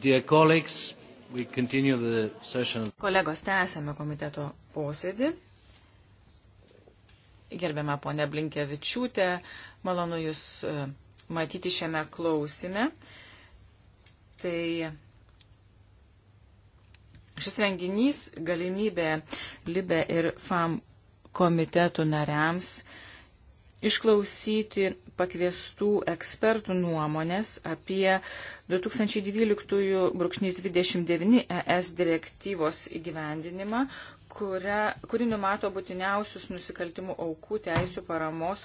Kolegos, tęsėme komiteto posėdį. Gerbiama ponė Blinkevičiūtė, malonu Jūs e, matyti šiame klausime. Tai šis renginys galimybė Libe ir FAM komitetų nariams išklausyti pakviestų ekspertų nuomonės apie 2012-29 ES direktyvos įgyvendinimą, kuria, kuri numato būtiniausius nusikaltimų aukų teisų paramos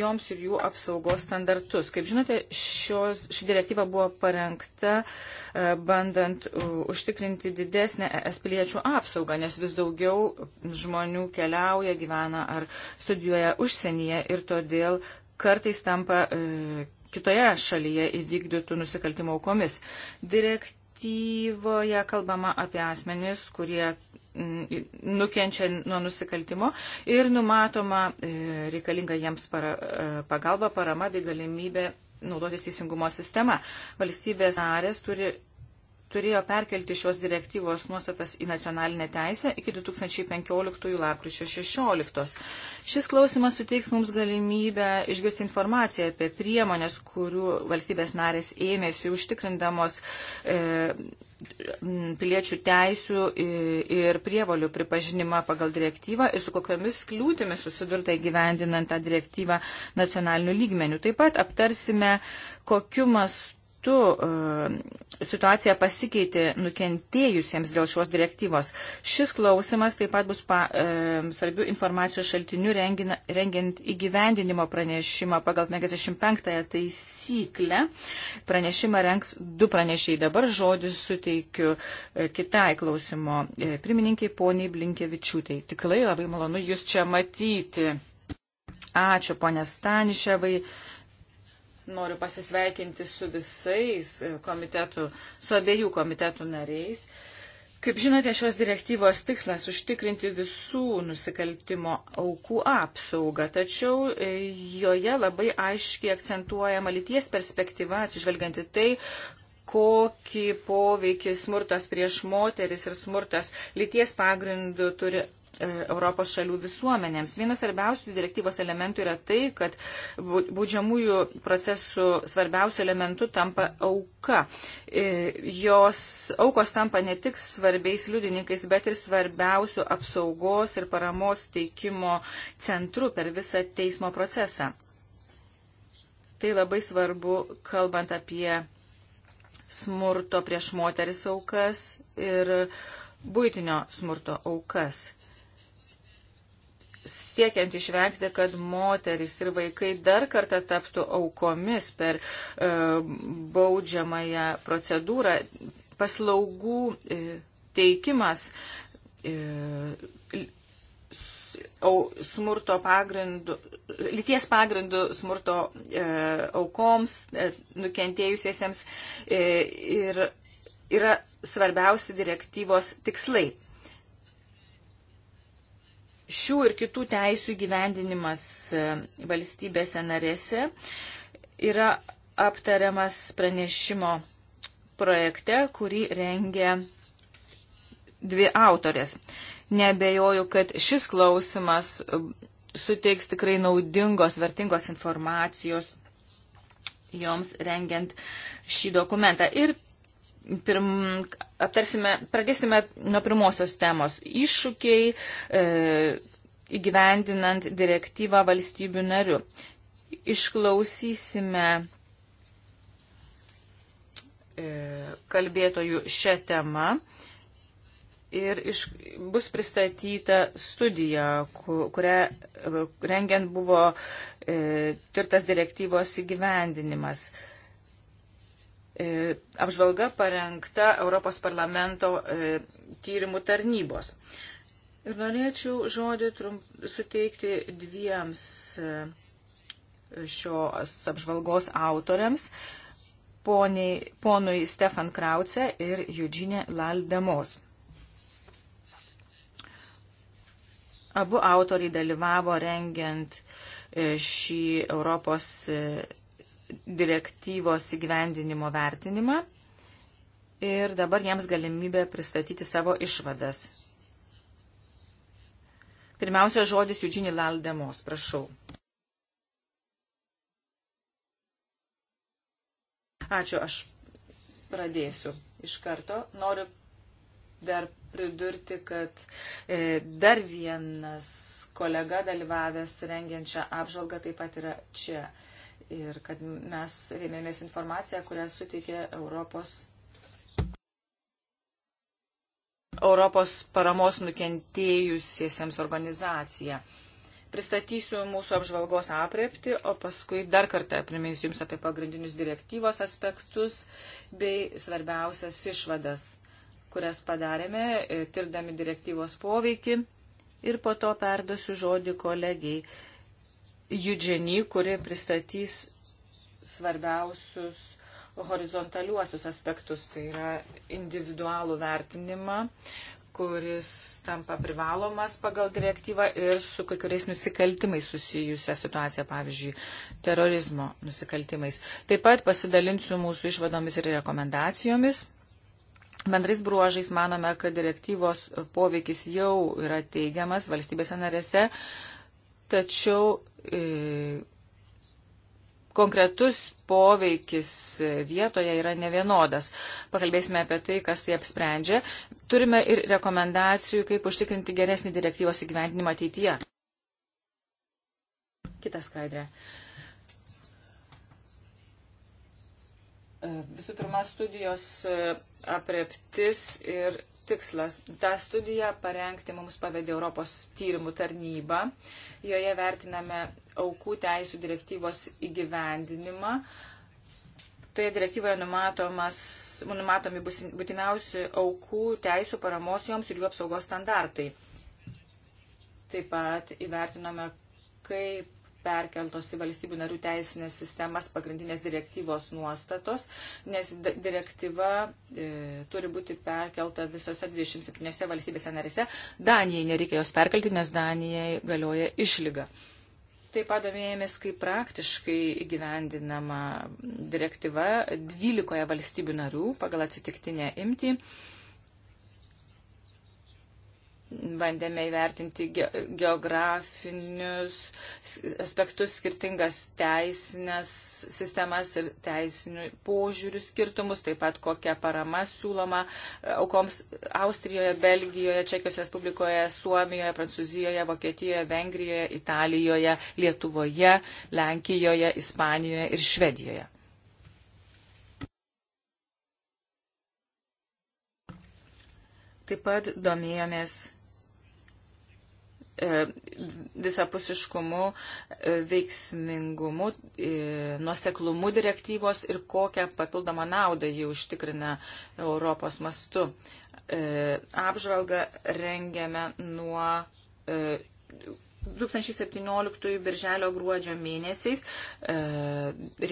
joms ir jų apsaugos standartus. Kaip žinote, šios, ši direktyva buvo parengta e, bandant užtikrinti didesnę es piliečių apsaugą, nes vis daugiau žmonių keliauja, gyvena ar studijuoja užsienyje ir todėl kartais tampa e, kitoje šalyje įvykdytų nusikaltimo aukomis. Direkt direktyvoje kalbama apie asmenis, kurie mm, nukenčia nuo nusikaltimo ir numatoma e, reikalinga jiems para, e, pagalba, parama bei galimybė naudotis teisingumo sistema. Valstybės narės turi turėjo perkelti šios direktyvos nuostatas į nacionalinę teisę iki 2015 lapkričio 16. Šis klausimas suteiks mums galimybę išgirsti informaciją apie priemonės, kurių valstybės narės ėmėsi užtikrindamos e, piliečių teisių e, ir prievolių pripažinimą pagal direktyvą ir su kokiamis kliūtimis susidurta įgyvendinant tą direktyvą nacionaliniu lygmeniu. Taip pat aptarsime, kokiu mastu metu e, situacija pasikeitė nukentėjusiems dėl šios direktyvos. Šis klausimas taip pat bus pa, e, svarbių informacijos šaltinių rengina, rengiant įgyvendinimo pranešimą pagal 55 taisyklę. Pranešimą renks du pranešiai. Dabar žodį suteikiu e, kitai klausimo e, pirmininkiai poniai Blinkevičiūtai. Tikrai labai malonu Jūs čia matyti. Ačiū, ponė Staniševai. Noriu pasisveikinti su visais e, komitetų, su abiejų komitetų nariais. Kaip žinote, šios direktyvos tikslas užtikrinti visų nusikaltimo aukų apsaugą, tačiau e, joje labai aiškiai akcentuojama lyties perspektyva, atsižvelgianti tai, kokį poveikį smurtas prieš moteris ir smurtas lyties pagrindų turi E, Europos šalių visuomenėms. Vienas svarbiausių direktyvos elementų yra tai, kad būdžiamųjų procesų svarbiausių elementų tampa auka. E, jos aukos tampa ne tik svarbiais liudininkais, bet ir svarbiausių apsaugos ir paramos teikimo centru per visą teismo procesą. Tai labai svarbu, kalbant apie smurto prieš moteris aukas ir būtinio smurto aukas siekiant išvengti, kad moteris ir vaikai dar kartą taptų aukomis per e, baudžiamąją procedūrą, paslaugų e, teikimas e, smurto pagrindu, lyties pagrindu smurto e, aukoms, e, nukentėjusiesiems e, ir yra svarbiausi direktyvos tikslai šių ir kitų teisų gyvendinimas e, valstybėse narėse yra aptariamas pranešimo projekte, kurį rengia dvi autorės. Nebejoju, kad šis klausimas e, suteiks tikrai naudingos, vertingos informacijos joms rengiant šį dokumentą. Ir pirm, aptarsime, pradėsime nuo pirmosios temos - iššūkiai e, įgyvendinant direktyvą valstybių narių. Išklausysime e, kalbėtojų šią temą. Ir iš, bus pristatyta studija, kurią e, rengiant buvo e, tirtas direktyvos įgyvendinimas. E, E, apžvalga parengta Europos parlamento e, tyrimų tarnybos. Ir norėčiau žodį trump, suteikti dviems e, šios apžvalgos autoriams, poniai, ponui Stefan Krauce ir Judžinė Laldemos. Abu autoriai dalyvavo rengiant šį Europos direktyvos įgyvendinimo vertinimą ir dabar jiems galimybė pristatyti savo išvadas. Pirmiausia, žodis Judžinį Laldemos, prašau. Ačiū, aš pradėsiu iš karto. Noriu dar pridurti, kad e, dar vienas kolega dalyvavęs rengiančią apžvalgą taip pat yra čia. E, ir kad mes rėmėmės informaciją, kurią suteikė Europos, Europos paramos nukentėjusiesiems organizacija. Pristatysiu mūsų apžvalgos apriepti, o paskui dar kartą priminsiu Jums apie pagrindinius direktyvos aspektus bei svarbiausias išvadas, kurias padarėme, e, tirdami direktyvos poveikį ir po to perduosiu žodį kolegijai Judženį, kuri pristatys svarbiausius horizontaliuosius aspektus, tai yra individualų vertinimą, kuris tampa privalomas pagal direktyvą ir su kai kuriais nusikaltimais susijusią situaciją, pavyzdžiui, terorizmo nusikaltimais. Taip pat pasidalinsiu mūsų išvadomis ir rekomendacijomis. Bendrais bruožais manome, kad direktyvos poveikis jau yra teigiamas valstybėse narėse, tačiau e, konkretus poveikis e, vietoje yra nevienodas. Pakalbėsime apie tai, kas tai apsprendžia. Turime ir rekomendacijų, kaip užtikrinti geresnį direktyvos įgyvendinimą ateityje. Kita skaidrė. E, visų pirma, studijos e, apreptis ir tikslas. Ta studija parengti mums pavedė Europos tyrimų tarnyba. Joje vertiname aukų teisų direktyvos įgyvendinimą. Toje direktyvoje numatomi būtimiausi aukų teisų paramos joms ir jų apsaugos standartai. Taip pat įvertinome, kaip perkeltos į valstybių narių teisinės sistemas pagrindinės direktyvos nuostatos, nes direktyva e, turi būti perkelta visose 27 valstybėse narise. Danijai nereikia jos perkelti, nes Danijai galioja išlyga. Taip pat domėjomės, kaip praktiškai įgyvendinama direktyva 12 valstybių narių pagal atsitiktinę imtį. E, bandėme įvertinti geografinius aspektus, skirtingas teisinės sistemas ir teisinių požiūrių skirtumus, taip pat kokia parama siūloma aukoms Austrijoje, Belgijoje, Čekijos Respublikoje, Suomijoje, Prancūzijoje, Vokietijoje, Vengrijoje, Italijoje, Lietuvoje, Lenkijoje, Ispanijoje ir Švedijoje. Taip pat domėjomės E, visapusiškumu, e, veiksmingumu, e, nuoseklumu direktyvos ir kokią papildomą naudą jį užtikrina Europos mastu. Apžvalgą rengiame nuo 2017 birželio gruodžio mėnesiais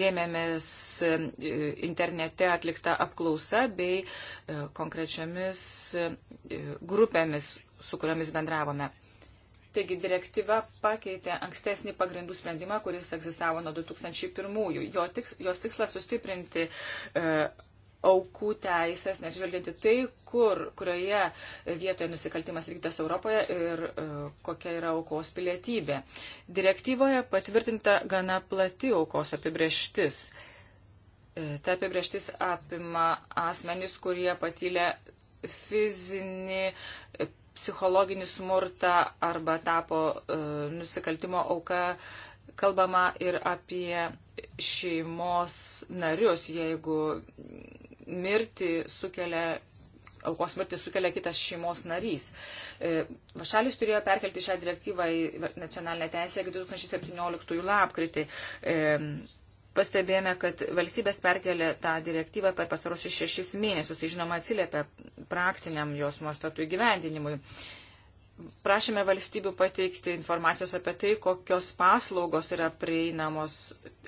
rėmėmės internete atlikta apklausa bei konkrečiomis grupėmis, su kuriomis bendravome. Taigi direktyva pakeitė ankstesnį pagrindų sprendimą, kuris egzistavo nuo 2001-ųjų. Jo tiks, jos tikslas sustiprinti e, aukų teisės, nežvelgianti tai, kur, kurioje vietoje nusikaltimas vykdytas Europoje ir e, kokia yra aukos pilietybė. Direktyvoje patvirtinta gana plati aukos apibrieštis. E, ta apibrieštis apima asmenys, kurie patylė fizinį psichologinį smurtą arba tapo e, nusikaltimo auka, kalbama ir apie šeimos narius, jeigu mirti sukelia aukos mirtį sukelia kitas šeimos narys. E, šalis turėjo perkelti šią direktyvą į nacionalinę teisę iki 2017 lapkritį. E, pastebėjome, kad valstybės perkelė tą direktyvą per pasarosius šešis mėnesius, tai žinoma atsiliepia praktiniam jos nuostatų įgyvendinimui. Prašėme valstybių pateikti informacijos apie tai, kokios paslaugos yra prieinamos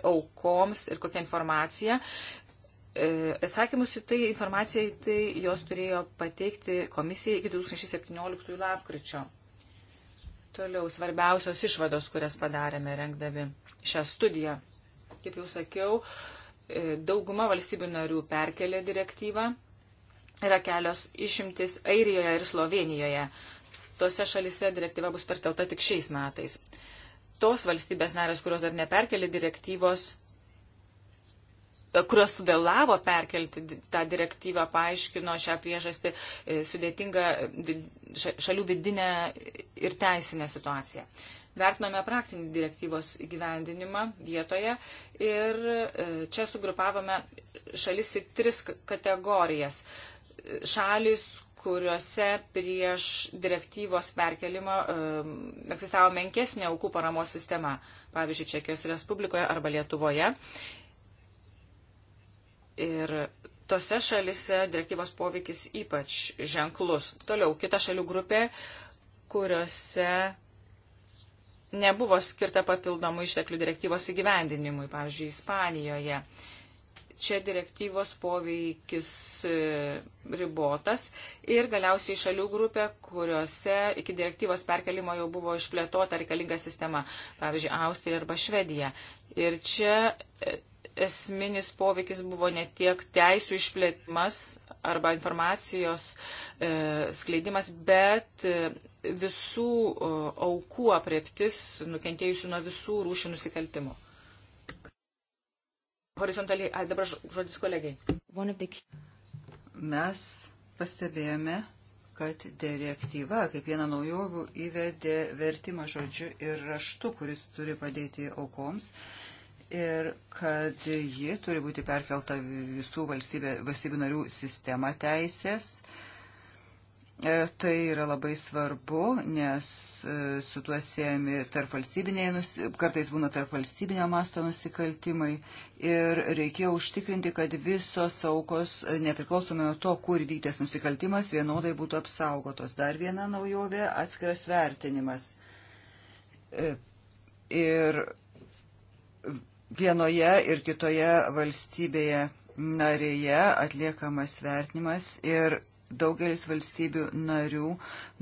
aukoms ir kokia informacija. E, atsakymus į tai informaciją į tai jos turėjo pateikti komisijai iki 2017 lapkričio. Toliau svarbiausios išvados, kurias padarėme rengdami šią studiją. Kaip jau sakiau, e, dauguma valstybių narių perkelė direktyvą. Yra kelios išimtis Airijoje ir Slovenijoje. Tose šalise direktyva bus perkelta tik šiais metais. Tos valstybės narės, kurios dar neperkelė direktyvos, e, kurios vėlavo perkelti tą direktyvą, paaiškino šią priežastį e, sudėtingą šalių vidinę ir teisinę situaciją. Vertiname praktinį direktyvos įgyvendinimą vietoje ir e, čia sugrupavome šalis į tris kategorijas. Šalis, kuriuose prieš direktyvos perkelimą um, egzistavo menkesnė aukų paramos sistema, pavyzdžiui, Čekijos Respublikoje arba Lietuvoje. Ir tose šalise direktyvos poveikis ypač ženklus. Toliau kita šalių grupė, kuriuose nebuvo skirta papildomų išteklių direktyvos įgyvendinimui, pavyzdžiui, Ispanijoje. Čia direktyvos poveikis e, ribotas ir galiausiai šalių grupė, kuriuose iki direktyvos perkelimo jau buvo išplėtota reikalinga sistema, pavyzdžiui, Austrija arba Švedija. Ir čia e, esminis poveikis buvo ne tiek teisų išplėtimas arba informacijos e, skleidimas, bet e, visų aukų apreptis nukentėjusių nuo visų rūšių nusikaltimų. Horizontaliai, ai dabar žodis kolegiai. Mes pastebėjome, kad direktyva, kaip viena naujovių, įvedė vertimą žodžiu ir raštu, kuris turi padėti aukoms ir kad ji turi būti perkelta visų valstybė, valstybių narių sistema teisės. Uh, E, tai yra labai svarbu, nes e, su tuo siejami tarpvalstybiniai, kartais būna tarpvalstybinio masto nusikaltimai ir reikėjo užtikrinti, kad visos aukos, e, nepriklausomai nuo to, kur vykdės nusikaltimas, vienodai būtų apsaugotos. Dar viena naujovė - atskiras vertinimas. Ir vienoje ir kitoje valstybėje narėje atliekamas vertinimas ir daugelis valstybių narių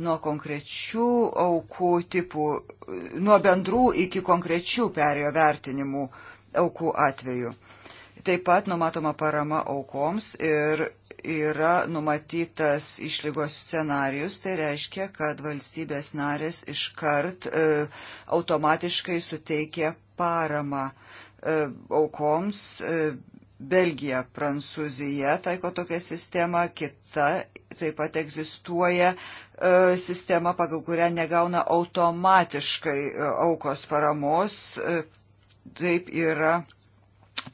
nuo konkrečių aukų tipų, nuo bendrų iki konkrečių perėjo vertinimų aukų atveju. Taip pat numatoma parama aukoms ir yra numatytas išlygos scenarius, tai reiškia, kad valstybės narės iškart e, automatiškai suteikia paramą e, aukoms e, Belgija, Prancūzija taiko tokią sistemą, kita taip pat egzistuoja e, sistema, pagal kurią negauna automatiškai e, aukos paramos. E, taip yra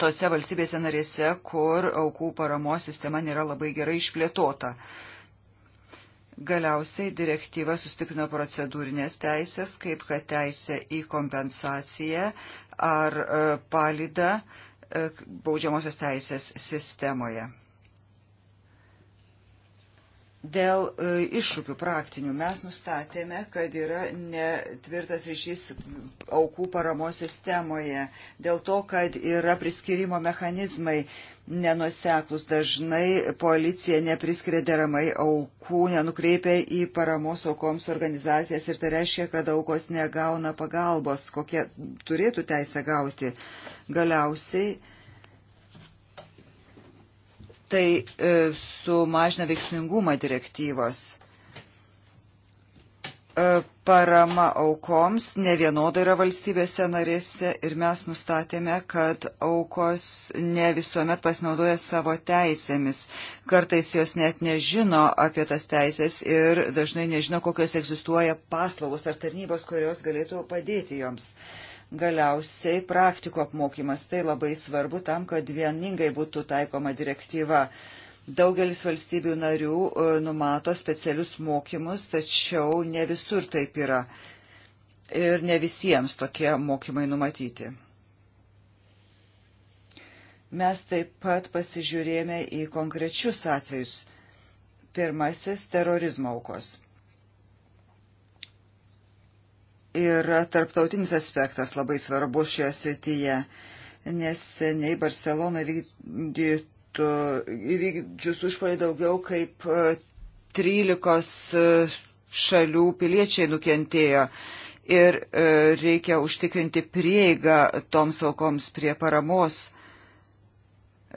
tose valstybėse narėse, kur aukų paramos sistema nėra labai gerai išplėtota. Galiausiai direktyva sustiprino procedūrinės teisės, kaip kad teisė į kompensaciją ar e, palydą. E, E, baudžiamosios teisės sistemoje. Dėl e, iššūkių praktinių mes nustatėme, kad yra netvirtas ryšys aukų paramos sistemoje, dėl to, kad yra priskirimo mechanizmai nenuseklus. Dažnai policija nepriskiria deramai aukų, nenukreipia į paramos aukoms organizacijas ir tai reiškia, kad aukos negauna pagalbos, kokie turėtų teisę gauti. Galiausiai tai e, sumažina veiksmingumą direktyvos. E, parama aukoms ne vienoda yra valstybėse narėse ir mes nustatėme, kad aukos ne visuomet pasinaudoja savo teisėmis. Kartais jos net nežino apie tas teisės ir dažnai nežino, kokios egzistuoja paslaugos ar tarnybos, kurios galėtų padėti joms. Galiausiai praktiko apmokymas tai labai svarbu tam, kad vieningai būtų taikoma direktyva. Uh, Daugelis valstybių narių e, numato specialius mokymus, tačiau ne visur taip yra. Ir ne visiems tokie mokymai numatyti. Mes taip pat pasižiūrėjome į konkrečius atvejus. Pirmasis - terorizmo aukos. Yra tarptautinis aspektas labai svarbus šioje srityje. Neseniai Barcelona vykdytų metų įvykdžius užpolį daugiau kaip 13 e, e, šalių piliečiai nukentėjo ir e, reikia užtikrinti prieigą toms aukoms prie paramos.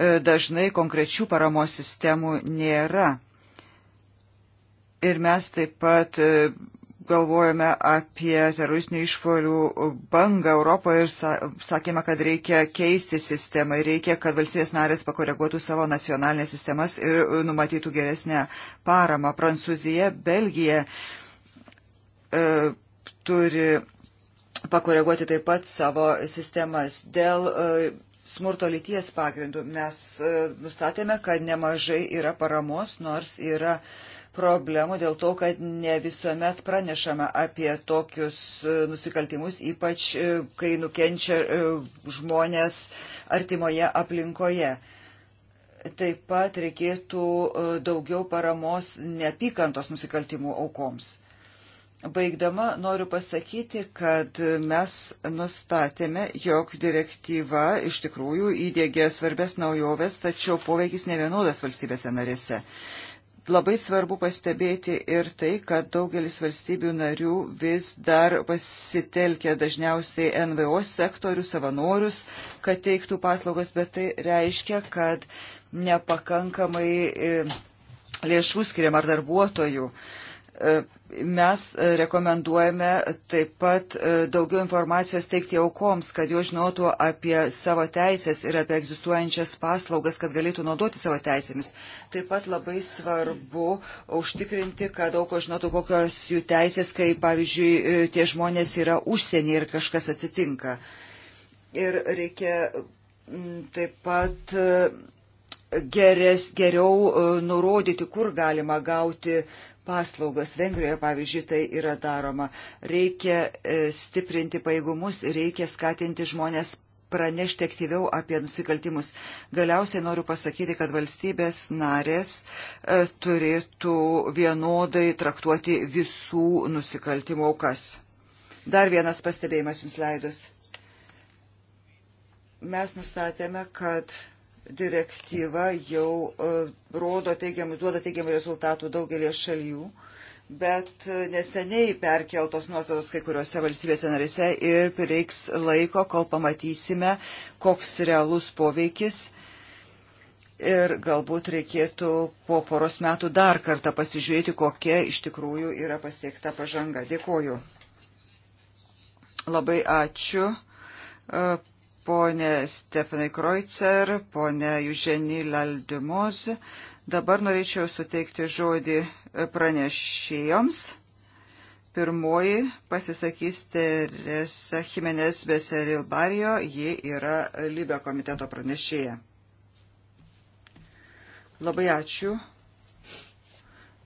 Dažnai konkrečių paramos sistemų nėra. Ir mes taip pat galvojame apie teroristinių išpolių bangą Europoje ir sakėme, kad reikia keisti sistemą ir reikia, kad valstybės narės pakoreguotų savo nacionalinės sistemas ir e, numatytų geresnę paramą. Prancūzija, Belgija e, turi pakoreguoti taip pat savo sistemas. Dėl e, smurto lyties pagrindų mes e, nustatėme, kad nemažai yra paramos, nors yra problemų dėl to, kad ne visuomet pranešama apie tokius e, nusikaltimus, ypač e, kai nukenčia e, žmonės artimoje aplinkoje. Taip pat reikėtų daugiau paramos neapykantos nusikaltimų aukoms. Baigdama noriu pasakyti, kad mes nustatėme, jog direktyva iš tikrųjų įdėgė svarbės naujoves, tačiau poveikis nevienodas valstybėse narėse. Labai svarbu pastebėti ir tai, kad daugelis valstybių narių vis dar pasitelkia dažniausiai NVO sektorių, savanorius, kad teiktų paslaugas, bet tai reiškia, kad nepakankamai e, lėšų skiriam ar darbuotojų e, Mes e, rekomenduojame taip pat e, daugiau informacijos teikti aukoms, kad jos žinotų apie savo teisės ir apie egzistuojančias paslaugas, kad galėtų naudoti savo teisėmis. Taip pat labai svarbu užtikrinti, kad auko žinotų, kokios jų teisės, kai, pavyzdžiui, e, tie žmonės yra užsienį ir kažkas atsitinka. Ir reikia taip pat geres, geriau nurodyti, kur galima gauti paslaugas. Vengrijoje, pavyzdžiui, tai yra daroma. Reikia e, stiprinti paėgumus, reikia skatinti žmonės pranešti aktyviau apie nusikaltimus. Galiausiai noriu pasakyti, kad valstybės narės e, turėtų vienodai traktuoti visų nusikaltimų aukas. Dar vienas pastebėjimas jums leidus. Mes nustatėme, kad direktyva jau e, rodo teigiamų, duoda teigiamų rezultatų daugelį šalių, bet e, neseniai perkeltos nuostatos kai kuriuose valstybėse narėse ir prireiks laiko, kol pamatysime, koks realus poveikis. Ir galbūt reikėtų po poros metų dar kartą pasižiūrėti, kokia iš tikrųjų yra pasiekta pažanga. Dėkoju. Labai ačiū e, ponė Stefanai Kroicer, ponė Juženį Laldimoz. Dabar norėčiau suteikti žodį pranešėjoms. Pirmoji pasisakys Teresa Jimenez Beseril Barijo, ji yra Libė komiteto pranešėja. Labai ačiū.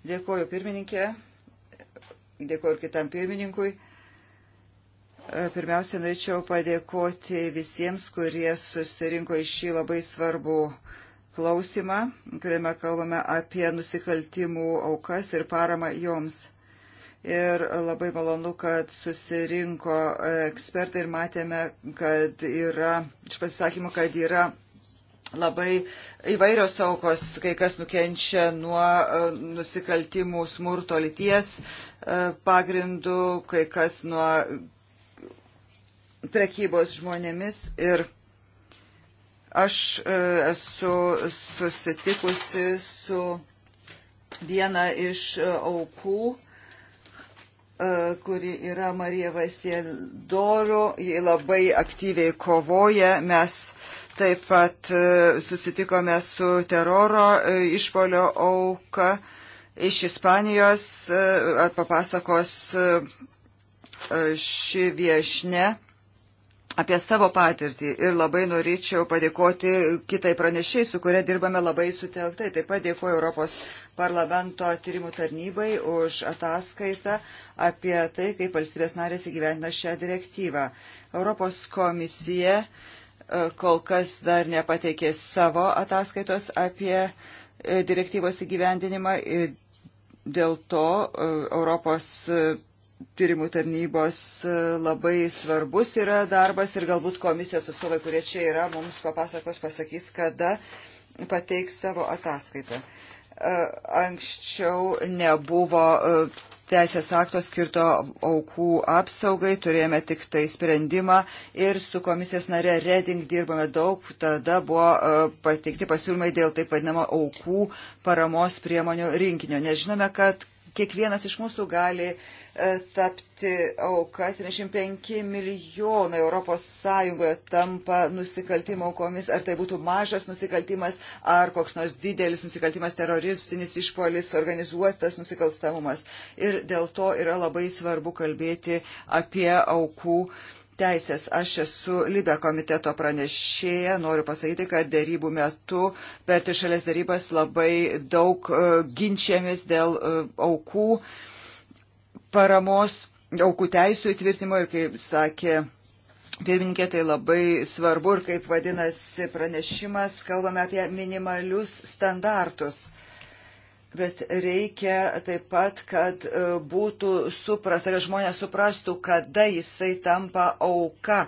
Dėkoju pirmininkė, dėkoju ir kitam pirmininkui. E, pirmiausia, norėčiau padėkoti visiems, kurie susirinko iš šį labai svarbų klausimą, kuriame kalbame apie nusikaltimų aukas ir paramą joms. Ir labai malonu, kad susirinko e, ekspertai ir matėme, kad yra, iš pasisakymų, kad yra labai įvairios aukos, kai kas nukenčia nuo e, nusikaltimų smurto lyties pagrindų, kai kas nuo prekybos žmonėmis ir aš e, esu susitikusi su viena iš e, aukų, e, kuri yra Marija Vasiedoro, jie labai aktyviai kovoja, mes taip pat susitikome su teroro išpolio auka iš Ispanijos, papasakos ši viešne apie savo patirtį ir labai norėčiau padėkoti kitai pranešiai, su kuria dirbame labai sutelktai. Taip pat dėkoju Europos parlamento tyrimų tarnybai už ataskaitą apie tai, kaip valstybės narės įgyvendina šią direktyvą. Europos komisija e, kol kas dar nepateikė savo ataskaitos apie e, direktyvos įgyvendinimą ir dėl to e, Europos parlamento tyrimų tarnybos e, labai svarbus yra darbas ir galbūt komisijos atstovai, kurie čia yra, mums papasakos, pasakys, kada pateiks savo ataskaitą. E, anksčiau nebuvo e, teisės akto skirto aukų apsaugai, turėjome tik tai sprendimą ir su komisijos nare Reding dirbame daug, tada buvo pateikti pasiūlymai dėl taip vadinamo aukų paramos priemonių rinkinio. Nežinome, kad kiekvienas iš mūsų gali uh, E, tapti auka. 75 milijonai ES tampa nusikaltimo aukomis. Ar tai būtų mažas nusikaltimas, ar koks nors didelis nusikaltimas, teroristinis išpolis, organizuotas nusikalstamumas. Ir dėl to yra labai svarbu kalbėti apie aukų teisės. Aš esu Libė komiteto pranešėja, noriu pasakyti, kad dėrybų metu per trišalės dėrybas labai daug e, ginčiamis dėl e, aukų paramos aukų teisų įtvirtimo ir, kaip sakė pirmininkė, tai labai svarbu ir, kaip vadinasi pranešimas, kalbame apie minimalius standartus. Bet reikia taip pat, kad e, būtų suprasta, kad žmonės suprastų, kada jisai tampa auka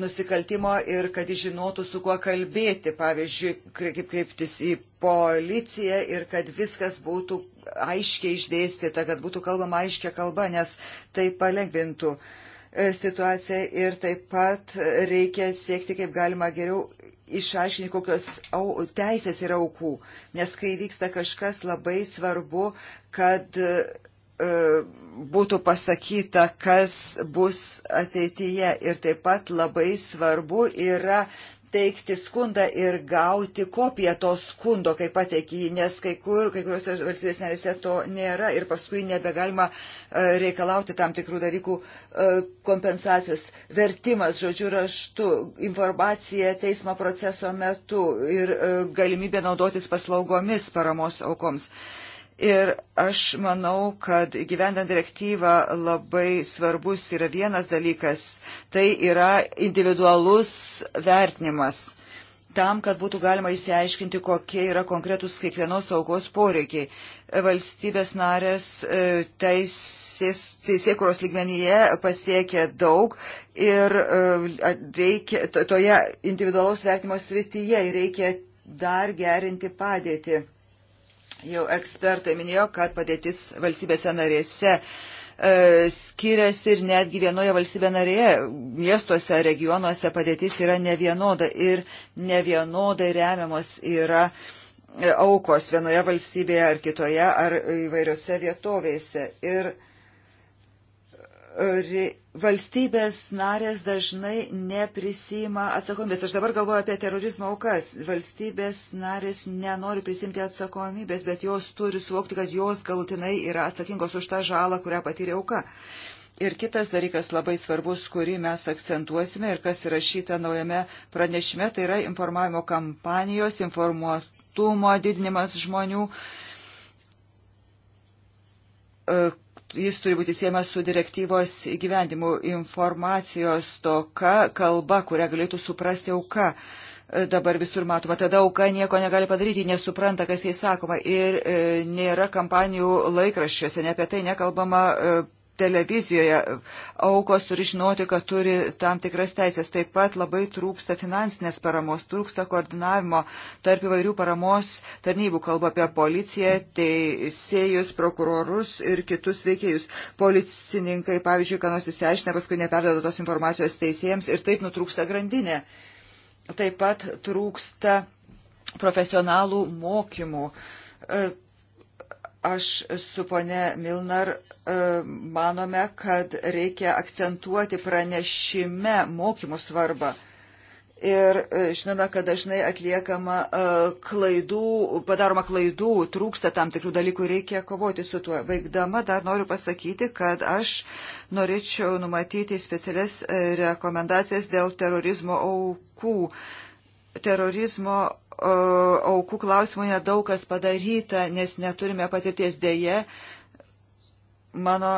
nusikaltimo ir kad jis žinotų, su kuo kalbėti, pavyzdžiui, kaip kreiptis į policiją ir kad viskas būtų aiškiai išdėstyta, kad būtų kalbama aiškia kalba, nes tai palengvintų e, situaciją ir taip pat reikia siekti, kaip galima geriau išaiškinti, kokios au, teisės yra aukų. Nes kai vyksta kažkas labai svarbu, kad E, būtų pasakyta, kas bus ateityje. Ir taip pat labai svarbu yra teikti skundą ir gauti kopiją to skundo, kai pateikė jį, nes kai kur, kai kuriuose valstybės narėse to nėra ir paskui nebegalima e, reikalauti tam tikrų dalykų e, kompensacijos. Vertimas, žodžiu, raštu, informacija teismo proceso metu ir galimybė naudotis paslaugomis paramos aukoms. Ok Ir aš manau, kad gyvendant direktyvą labai svarbus yra vienas dalykas, tai yra individualus vertinimas tam, kad būtų galima įsiaiškinti, kokie yra konkretus kiekvienos saugos poreikiai. Valstybės narės e, teisės, teisėkuros lygmenyje pasiekė daug ir e, reikia, toje individualaus vertimo srityje reikia dar gerinti padėtį. Jau ekspertai minėjo, kad padėtis valstybėse narėse e, skiriasi ir netgi vienoje valstybė narėje, miestuose, regionuose padėtis yra nevienoda ir nevienodai remiamos yra e, aukos vienoje valstybėje ar kitoje ar įvairiose vietovėse. Ir e, valstybės narės dažnai neprisima atsakomybės. Aš dabar galvoju apie terorizmo aukas. Valstybės narės nenori prisimti atsakomybės, bet jos turi suvokti, kad jos galutinai yra atsakingos už tą žalą, kurią patyrė auka. Ir kitas dalykas labai svarbus, kurį mes akcentuosime ir kas įrašyta naujame pranešime, tai yra informavimo kampanijos, informuotumo didinimas žmonių e, jis turi būti siejamas su direktyvos įgyvendimu informacijos toka, kalba, kurią galėtų suprasti auka. Dabar visur matoma, tada auka nieko negali padaryti, nesupranta, kas jai sakoma ir e, nėra kampanijų laikraščiuose, ne apie tai nekalbama. E, televizijoje. Aukos turi žinoti, kad turi tam tikras teisės. Taip pat labai trūksta finansinės paramos, trūksta koordinavimo tarp įvairių paramos tarnybų. Kalbu apie policiją, teisėjus, prokurorus ir kitus veikėjus. Policininkai, pavyzdžiui, ką nors įsiaiškina, paskui neperdada tos informacijos teisėjams ir taip nutrūksta grandinė. Taip pat trūksta profesionalų mokymų e, aš su ponė Milnar e, manome, kad reikia akcentuoti pranešime mokymų svarbą. Ir e, žinome, kad dažnai atliekama e, klaidų, padaroma klaidų, trūksta tam tikrų dalykų, reikia kovoti su tuo. Vaikdama dar noriu pasakyti, kad aš norėčiau numatyti specialias rekomendacijas dėl terorizmo aukų. Terorizmo aukų klausimų nedaug kas padaryta, nes neturime patirties dėje. Mano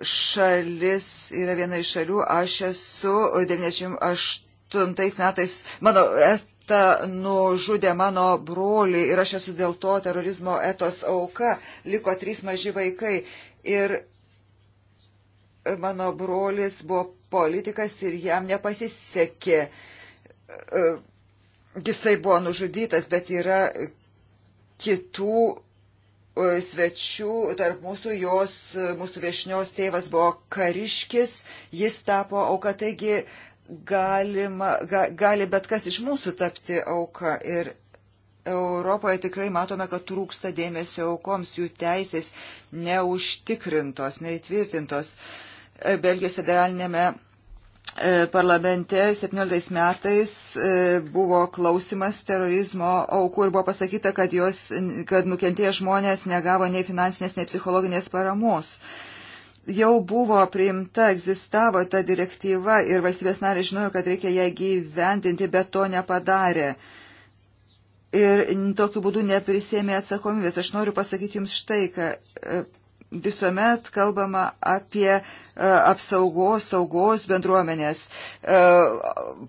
šalis yra viena iš šalių, aš esu 98 metais, mano eta nužudė mano brolį ir aš esu dėl to terorizmo etos auka, liko trys maži vaikai. Ir mano brolis buvo politikas ir jam nepasisekė e, jisai buvo nužudytas, bet yra kitų e, svečių tarp mūsų, jos, e, mūsų viešnios tėvas buvo kariškis, jis tapo auka, taigi galima, ga, gali bet kas iš mūsų tapti auka. Ir Europoje tikrai matome, kad trūksta dėmesio aukoms, jų teisės neužtikrintos, neįtvirtintos. E, Belgijos federalinėme E, parlamente 17 metais e, buvo klausimas terorizmo aukų ir buvo pasakyta, kad, jos, kad nukentėję žmonės negavo nei finansinės, nei psichologinės paramos. Jau buvo priimta, egzistavo ta direktyva ir valstybės narė žinojo, kad reikia ją gyvendinti, bet to nepadarė. Ir tokiu būdu neprisėmė atsakomybės. Aš noriu pasakyti Jums štai, kad e, visuomet kalbama apie e, apsaugos, saugos bendruomenės, e,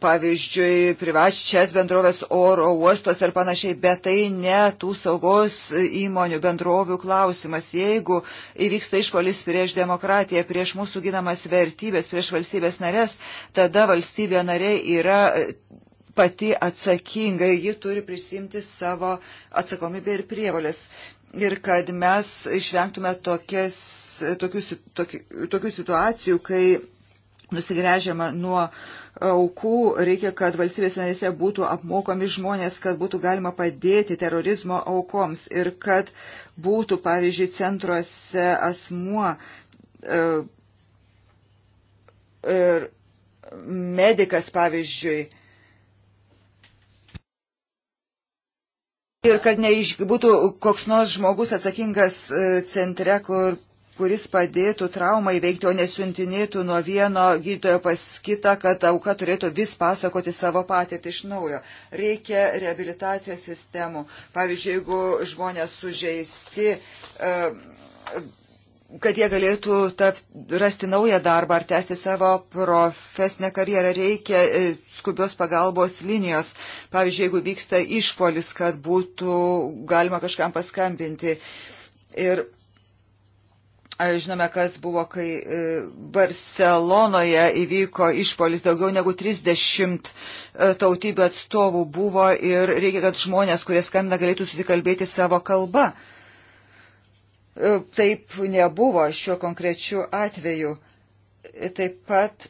pavyzdžiui, privačias bendrovės oro uostos ir panašiai, bet tai ne tų saugos įmonių bendrovių klausimas. Jeigu įvyksta išpolis prieš demokratiją, prieš mūsų ginamas vertybės, prieš valstybės narės, tada valstybė narė yra e, pati atsakinga ir ji turi prisimti savo atsakomybę ir prievalės ir kad mes išvengtume tokias, tokius, tokių, tokių situacijų, kai nusigrėžiama nuo aukų, reikia, kad valstybės narėse būtų apmokomi žmonės, kad būtų galima padėti terorizmo aukoms ir kad būtų, pavyzdžiui, centruose asmuo e, ir medikas, pavyzdžiui, ir kad neiš, būtų koks nors žmogus atsakingas e, centre, kur kuris padėtų traumą įveikti, o nesiuntinėtų nuo vieno gydytojo pas kitą, kad auka turėtų vis pasakoti savo patirtį iš naujo. Reikia reabilitacijos sistemų. Pavyzdžiui, jeigu žmonės sužeisti, e, kad jie galėtų tap, rasti naują darbą ar tęsti savo profesinę karjerą, reikia e, skubios pagalbos linijos. Pavyzdžiui, jeigu vyksta išpolis, kad būtų galima kažkam paskambinti. Ir e, žinome, kas buvo, kai e, Barcelonoje įvyko išpolis, daugiau negu 30 tautybių atstovų buvo ir reikia, kad žmonės, kurie skambina, galėtų susikalbėti savo kalbą. E, taip nebuvo šiuo konkrečiu atveju. E, taip pat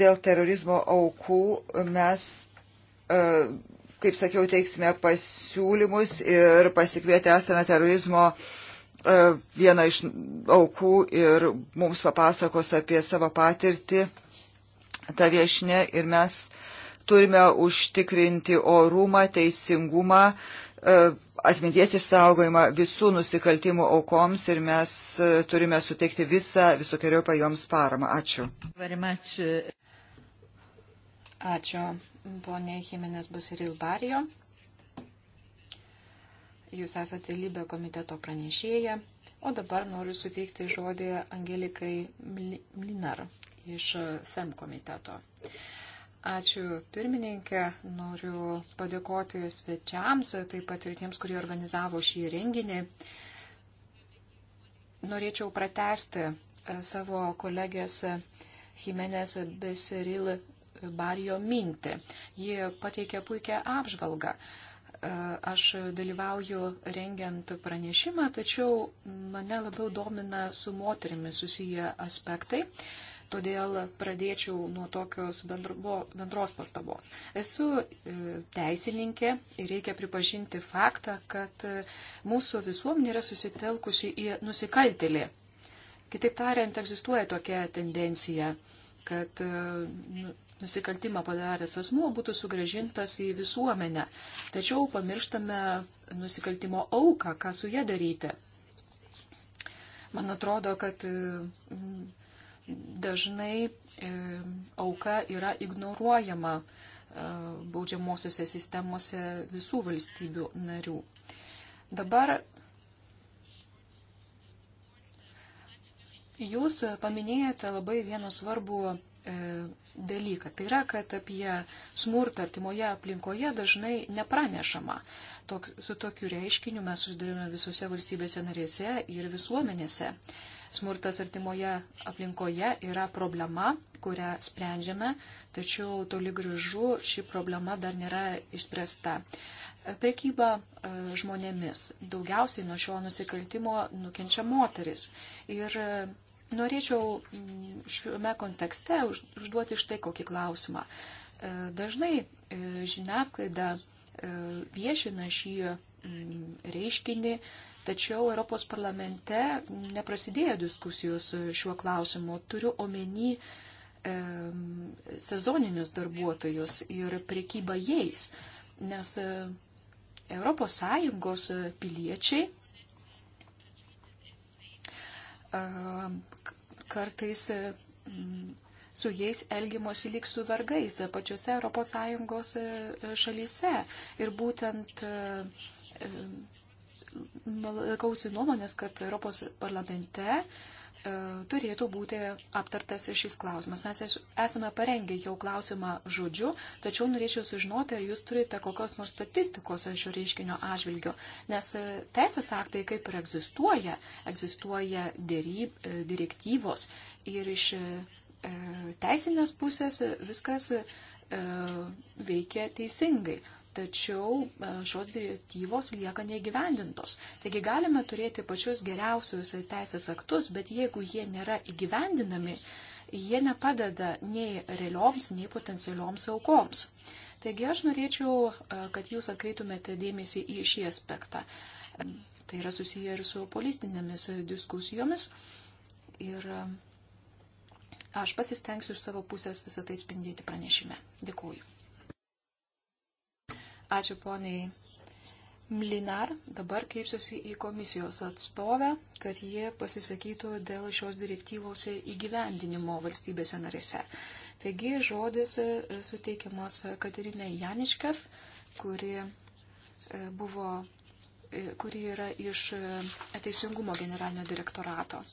dėl terorizmo aukų mes, e, kaip sakiau, teiksime pasiūlymus ir pasikvietę esame terorizmo vieną iš aukų ir mums papasakos apie savo patirtį tą viešinę ir mes turime užtikrinti orumą, teisingumą, atminties išsaugojimą visų nusikaltimų aukoms ir mes e, turime suteikti visą visokiojopą joms paramą. Ačiū. E. Ačiū, ponė Jimenez Busiril Barijo. Jūs esate lybė komiteto pranešėja, o dabar noriu suteikti žodį Angelikai Mlinar iš FEM komiteto. Uh, Ačiū pirmininkė, noriu padėkoti svečiams, taip pat ir tiems, kurie organizavo šį renginį. Norėčiau pratesti e, savo kolegės Jimenez Beseril Barijo mintį. Ji pateikė puikią apžvalgą. E, aš dalyvauju rengiant pranešimą, tačiau mane labiau domina su moterimis susiję aspektai. Todėl pradėčiau nuo tokios bendro, bendros pastabos. Esu e, teisininkė ir reikia pripažinti faktą, kad e, mūsų visuomenė yra susitelkusi į nusikaltelį. Kitaip tariant, egzistuoja tokia tendencija, kad e, nu, nusikaltimą padaręs asmuo būtų sugražintas į visuomenę. Tačiau pamirštame nusikaltimo auką, ką su ją daryti. Man atrodo, kad dažnai e, auka yra ignoruojama e, baudžiamosiose sistemose visų valstybių narių. Dabar jūs paminėjote labai vieną svarbų e, dalyką. Tai yra, kad apie smurtą artimoje aplinkoje dažnai nepranešama. Tok, su tokiu reiškiniu mes susidurime visose valstybėse narėse ir visuomenėse. E, Smurtas artimoje aplinkoje yra problema, kurią sprendžiame, tačiau toli gražu ši problema dar nėra išspręsta. Prekyba e, žmonėmis. Daugiausiai nuo šio nusikaltimo nukenčia moteris. Ir e, norėčiau mm, šiame kontekste užduoti štai kokį klausimą. E, dažnai žiniasklaida viešina šį mm, reiškinį, Tačiau Europos parlamente neprasidėjo diskusijos šiuo klausimu. Turiu omeny e, sezoninius darbuotojus ir priekybą jais, nes e, Europos Sąjungos piliečiai e, kartais m, e, su jais elgimosi lyg su vergais pačiose Europos Sąjungos e, šalyse. Ir būtent e, laikausi nuomonės, kad Europos parlamente e, turėtų būti aptartas ir šis klausimas. Mes esame parengę jau klausimą žodžiu, tačiau norėčiau sužinoti, ar jūs turite kokios nors statistikos šio reiškinio atžvilgio, nes e, teisės aktai kaip ir egzistuoja, egzistuoja dėryb, e, direktyvos ir iš teisinės pusės viskas veikia teisingai tačiau e, šios direktyvos lieka neįgyvendintos. Taigi galime turėti pačius geriausius teisės aktus, bet jeigu jie nėra įgyvendinami, jie nepadeda nei realioms, nei potencialioms aukoms. Taigi aš norėčiau, e, kad jūs atkreitumėte dėmesį į šį aspektą. Tai yra susiję ir su politinėmis diskusijomis. Ir e, aš pasistengsiu iš savo pusės visą tai spindėti pranešime. Dėkuoju. Ačiū poniai Mlinar. Dabar kreipsiuosi į komisijos atstovę, kad jie pasisakytų dėl šios direktyvos įgyvendinimo valstybėse narėse. Taigi žodis e, suteikiamas Katerinai Janiškev, kuri, e, buvo, e, kuri yra iš Teisingumo generalinio direktorato.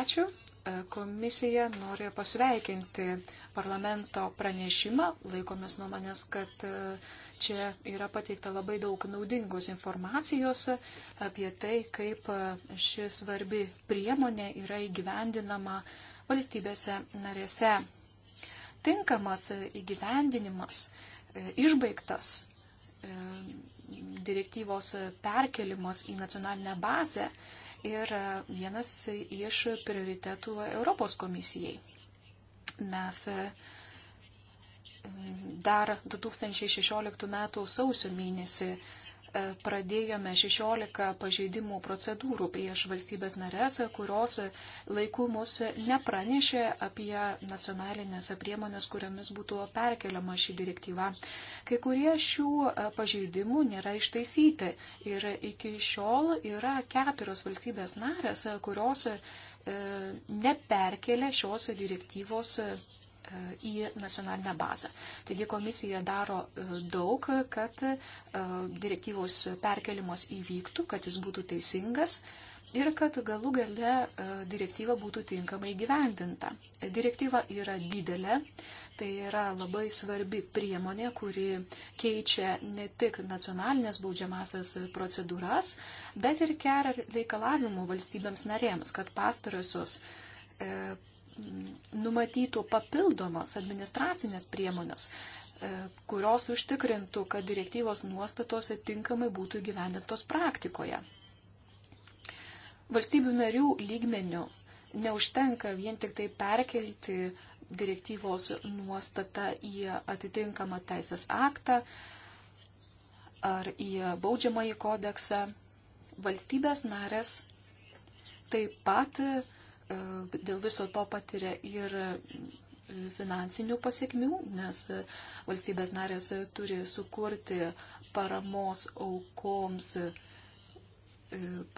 Ačiū, Komisija nori pasveikinti parlamento pranešimą. Laikomės nuomonės, kad e, čia yra pateikta labai daug naudingos informacijos apie tai, kaip e, ši svarbi priemonė yra įgyvendinama valstybėse narėse. Tinkamas įgyvendinimas, e, išbaigtas direktyvos perkelimas į nacionalinę bazę ir vienas iš prioritetų Europos komisijai. Mes e, dar 2016 m. sausio mėnesį E, pradėjome 16 pažeidimų procedūrų prieš valstybės narės, kurios laiku mus nepranešė apie nacionalinės priemonės, kuriomis būtų perkeliama ši direktyva. Kai kurie šių e, pažeidimų nėra ištaisyti ir iki šiol yra keturios valstybės narės, kurios e, neperkelė šios direktyvos į nacionalinę bazą. Taigi komisija daro e, daug, kad e, direktyvos perkelimas įvyktų, kad jis būtų teisingas ir kad galų gale e, direktyva būtų tinkamai gyvendinta. Direktyva yra didelė, tai yra labai svarbi priemonė, kuri keičia ne tik nacionalinės baudžiamasias procedūras, bet ir kelia reikalavimų valstybėms narėms, kad pastarosios Mm, numatytų papildomas administracinės priemonės, e, kurios užtikrintų, kad direktyvos nuostatose tinkamai būtų įgyvendintos praktikoje. Valstybių narių lygmenių neužtenka vien tik tai perkelti direktyvos nuostatą į atitinkamą teisės aktą ar į baudžiamąjį kodeksą. Valstybės narės taip pat E, dėl viso to patiria ir finansinių pasiekmių, nes valstybės narės turi sukurti paramos aukoms e,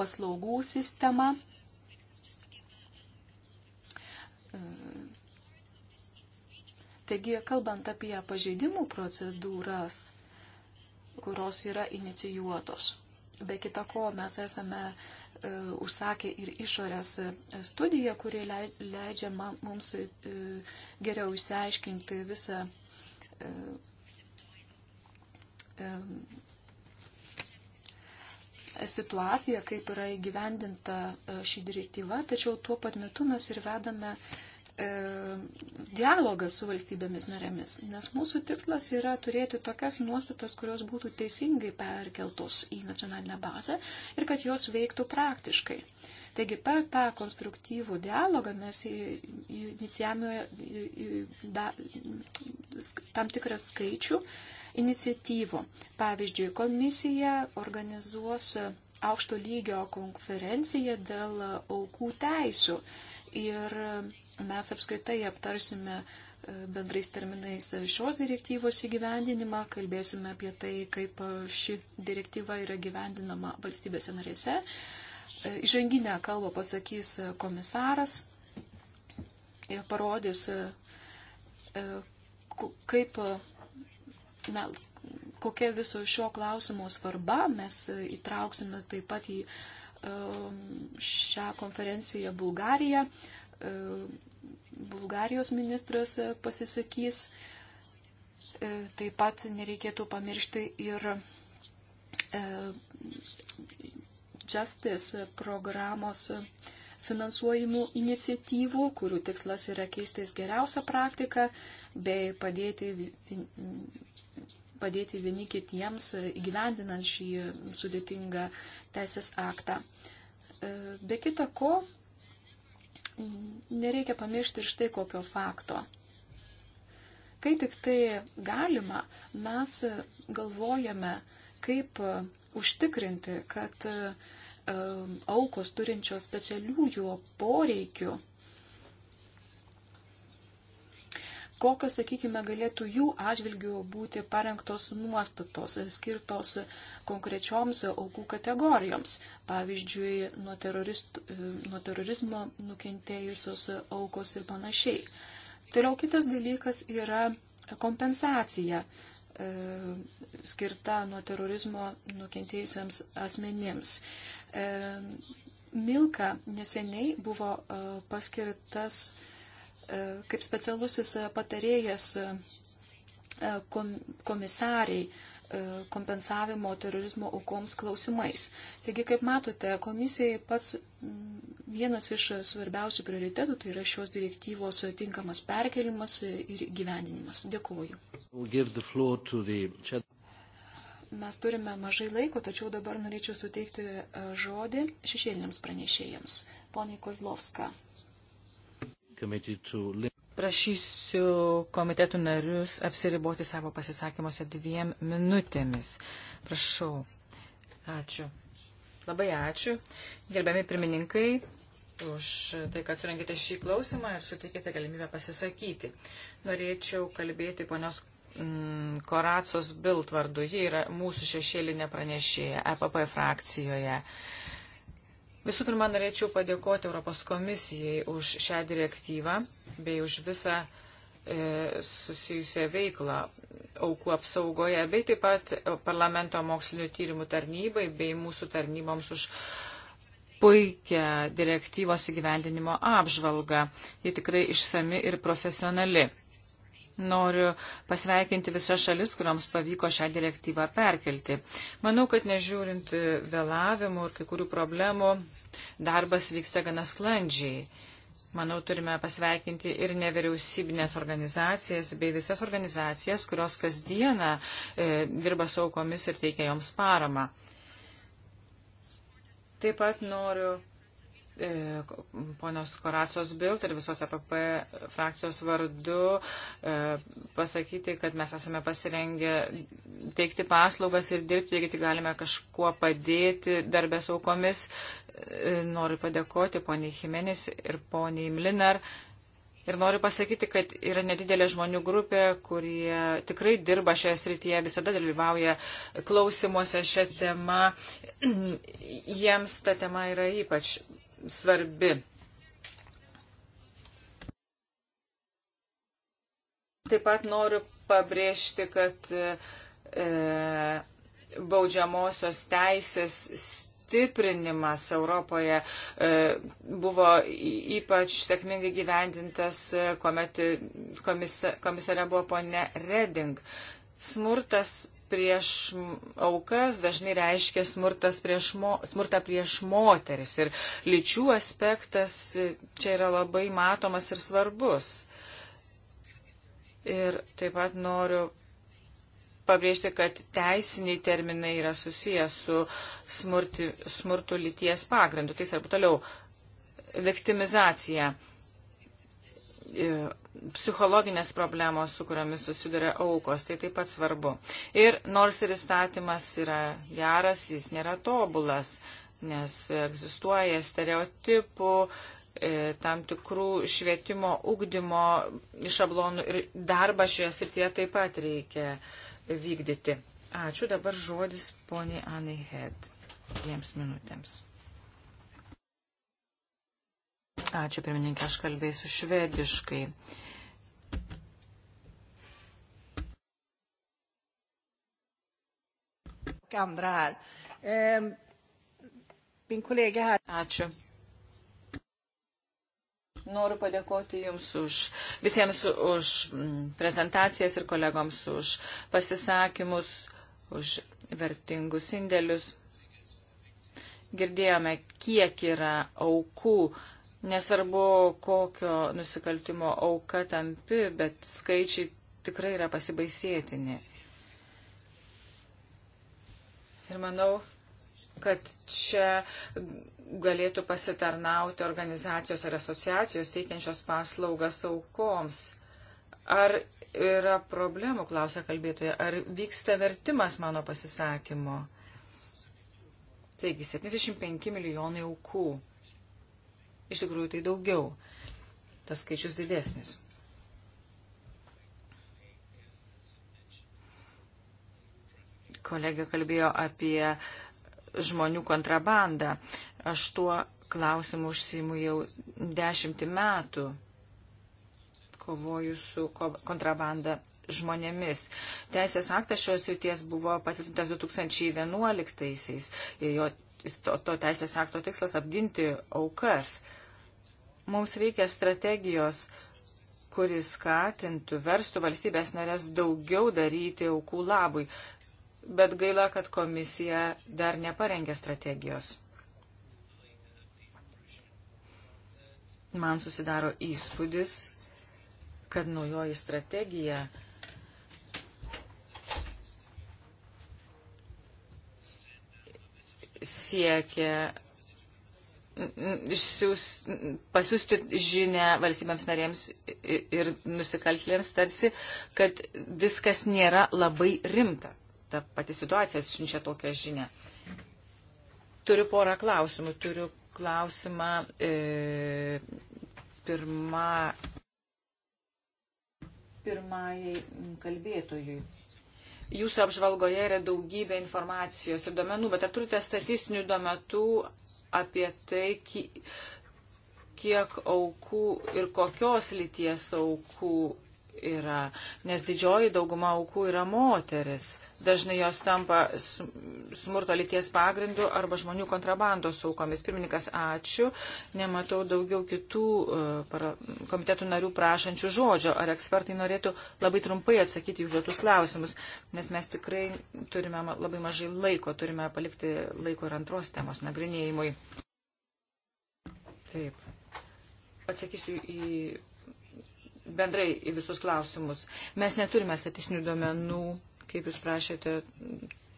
paslaugų sistemą. E, taigi, kalbant apie pažeidimų procedūras, kurios yra inicijuotos, Be kita ko, mes esame e, užsakė ir išorės e, studiją, kuri leidžia mums e, geriau išsiaiškinti visą situaciją, kaip yra įgyvendinta ši direktyva, tačiau tuo pat metu mes ir vedame e, dialogą su valstybėmis narėmis, nes mūsų tikslas yra turėti tokias nuostatas, kurios būtų teisingai perkeltos į nacionalinę bazę ir kad jos veiktų praktiškai. Taigi per tą konstruktyvų dialogą mes inicijavome tam tikrą skaičių iniciatyvų. Pavyzdžiui, komisija organizuos aukšto lygio konferenciją dėl aukų teisų ir mes apskritai aptarsime e, bendrais terminais šios direktyvos įgyvendinimą, kalbėsime apie tai, kaip ši direktyva yra gyvendinama valstybėse narėse. E, įžanginę kalbą pasakys komisaras ir parodys, e, kaip, na, kokia viso šio klausimo svarba, mes įtrauksime taip pat į šią konferenciją Bulgariją Bulgarijos ministras e, pasisakys. E, taip pat nereikėtų pamiršti ir e, Justice programos finansuojimų iniciatyvų, kurių tikslas yra keistis geriausią praktiką bei padėti, padėti vieni kitiems įgyvendinant šį sudėtingą teisės aktą. Be kita ko, nereikia pamiršti ir štai kokio fakto. Kai tik tai galima, mes galvojame, kaip e, užtikrinti, kad e, e, aukos turinčios specialiųjų poreikių kokios, sakykime, galėtų jų atžvilgių būti parengtos nuostatos skirtos konkrečioms aukų kategorijoms. Pavyzdžiui, nuo, nuo terorizmo nukentėjusios aukos ir panašiai. Toliau kitas dalykas yra kompensacija e, skirta nuo terorizmo nukentėjusiems asmenims. E, Milka neseniai buvo e, paskirtas e, E, kaip specialusis e, patarėjas e, komisariai kompensavimo terorizmo aukoms klausimais. Taigi, kaip matote, komisijai pats vienas iš svarbiausių prioritetų tai yra šios direktyvos tinkamas perkelimas ir gyvendinimas. Dėkuoju. Mes turime mažai laiko, tačiau dabar norėčiau suteikti žodį šešėliniams pranešėjams. Poniai Kozlovska. Prašysiu komitetų narius apsiriboti savo pasisakymuose dviem minutėmis. Prašau. Ačiū. Labai ačiū. Gerbiami pirmininkai už tai, kad surengėte šį klausimą ir suteikėte galimybę pasisakyti. Norėčiau kalbėti ponios mm, Koracos Bilt vardu. Ji yra mūsų šešėlinė pranešėja EPP frakcijoje. Uh, Visų pirma, norėčiau padėkoti Europos komisijai už šią direktyvą bei už visą e, susijusią veiklą aukų apsaugoje, bei taip pat parlamento mokslinio tyrimų tarnybai bei mūsų tarnyboms už puikią direktyvos įgyvendinimo apžvalgą. Ji tikrai išsami ir profesionali. Noriu pasveikinti visas šalis, kuriams pavyko šią direktyvą perkelti. Manau, kad nežiūrint vėlavimų ir kai kurių problemų, darbas vyksta gana sklandžiai. Manau, turime pasveikinti ir nevyriausybinės organizacijas bei visas organizacijas, kurios kasdieną e, dirba saukomis ir teikia joms paramą. Taip pat noriu E, ponios Koracijos Bilt ir visos APP e frakcijos vardu e, pasakyti, kad mes esame pasirengę teikti paslaugas ir dirbti, jeigu tik galime kažkuo padėti darbės aukomis. Noriu padėkoti poniai Jimenis ir poniai Mlinar. Ir noriu pasakyti, kad yra nedidelė žmonių grupė, kurie tikrai dirba šioje srityje, visada dalyvauja klausimuose šią temą. Jiems ta tema yra ypač svarbi. Taip pat noriu pabrėžti, kad e, baudžiamosios teisės stiprinimas Europoje e, buvo ypač sėkmingai gyvendintas, e, kuomet e, komisa, komisare buvo ponė Reding. E, Smurtas prieš aukas dažnai reiškia prieš mo, smurtą prieš moteris ir lyčių aspektas čia yra labai matomas ir svarbus. Ir taip pat noriu pabrėžti, kad teisiniai terminai yra susijęs su smurti, smurtu lyties pagrindu. Tai svarbu toliau. Viktimizacija. E, psichologinės problemos, su kuriamis susiduria aukos, tai taip pat svarbu. Ir nors ir įstatymas yra geras, jis nėra tobulas, nes egzistuoja stereotipų, e, tam tikrų švietimo, ugdymo šablonų ir darbą šioje srityje taip pat reikia vykdyti. Ačiū, dabar žodis poniai Anai Head. Jiems minutėms. Ačiū, pirmininkė, aš kalbėsiu švediškai. Ehm, Ačiū. Noriu padėkoti Jums už, visiems už mm, prezentacijas ir kolegoms už pasisakymus, už vertingus indėlius. Girdėjome, kiek yra aukų Nesvarbu, kokio nusikaltimo auka tampi, bet skaičiai tikrai yra pasibaisėtini. Ir manau, kad čia galėtų pasitarnauti organizacijos ar asociacijos teikiančios paslaugas aukoms. Ar yra problemų, klausia kalbėtoja, ar vyksta vertimas mano pasisakymo? Taigi, 75 milijonai aukų. Iš tikrųjų, tai daugiau. Tas skaičius didesnis. Kolegė kalbėjo apie žmonių kontrabandą. Aš tuo klausimu užsimu jau dešimtį metų. Kovoju su kontrabanda žmonėmis. Teisės aktas šios ryties buvo patvirtintas 2011-aisiais. Jo to, to teisės akto tikslas apginti aukas. Mums reikia strategijos, kuris skatintų, verstų valstybės narės daugiau daryti aukų labui. Bet gaila, kad komisija dar neparengė strategijos. Man susidaro įspūdis, kad naujoji strategija siekia išsiūs, pasiūsti žinę valstybėms narėms ir nusikaltėlėms tarsi, kad viskas nėra labai rimta. Ta pati situacija siunčia tokią žinę. Turiu porą klausimų. Turiu klausimą e, pirma, pirmajai kalbėtojui. Jūsų apžvalgoje yra daugybė informacijos ir duomenų, bet ar turite statistinių duomenų apie tai, kiek aukų ir kokios lyties aukų yra? Nes didžioji dauguma aukų yra moteris dažnai jos tampa smurto lyties pagrindu arba žmonių kontrabandos aukomis. Pirmininkas, ačiū. Nematau daugiau kitų e, komitetų narių prašančių žodžio. Ar ekspertai norėtų labai trumpai atsakyti į užduotus klausimus, nes mes tikrai turime labai mažai laiko, turime palikti laiko ir antros temos nagrinėjimui. Taip. Atsakysiu į bendrai į visus klausimus. Mes neturime statistinių duomenų kaip jūs prašėte,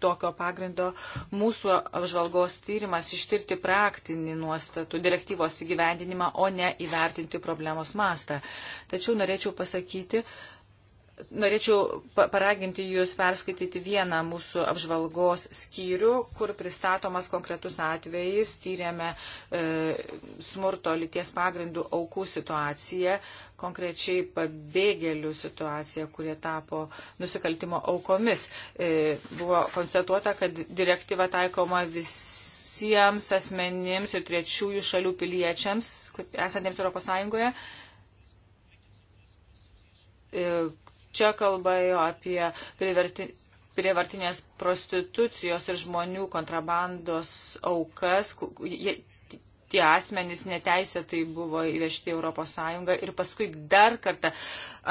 tokio pagrindo mūsų apžvalgos tyrimas ištirti praktinį nuostatų direktyvos įgyvendinimą, o ne įvertinti problemos mastą. Tačiau norėčiau pasakyti, Norėčiau paraginti Jūs perskaityti vieną mūsų apžvalgos skyrių, kur pristatomas konkretus atvejais, tyrėme e, smurto lyties pagrindų aukų situaciją, konkrečiai pabėgėlių situaciją, kurie tapo nusikaltimo aukomis. E, buvo konstatuota, kad direktyva taikoma visiems asmenims ir trečiųjų šalių piliečiams, esantiems Europos Sąjungoje e, Čia kalbėjo apie priverti, prievartinės prostitucijos ir žmonių kontrabandos aukas. Jie, tie asmenys neteisėtai buvo įvežti Europos Sąjungą ir paskui dar kartą,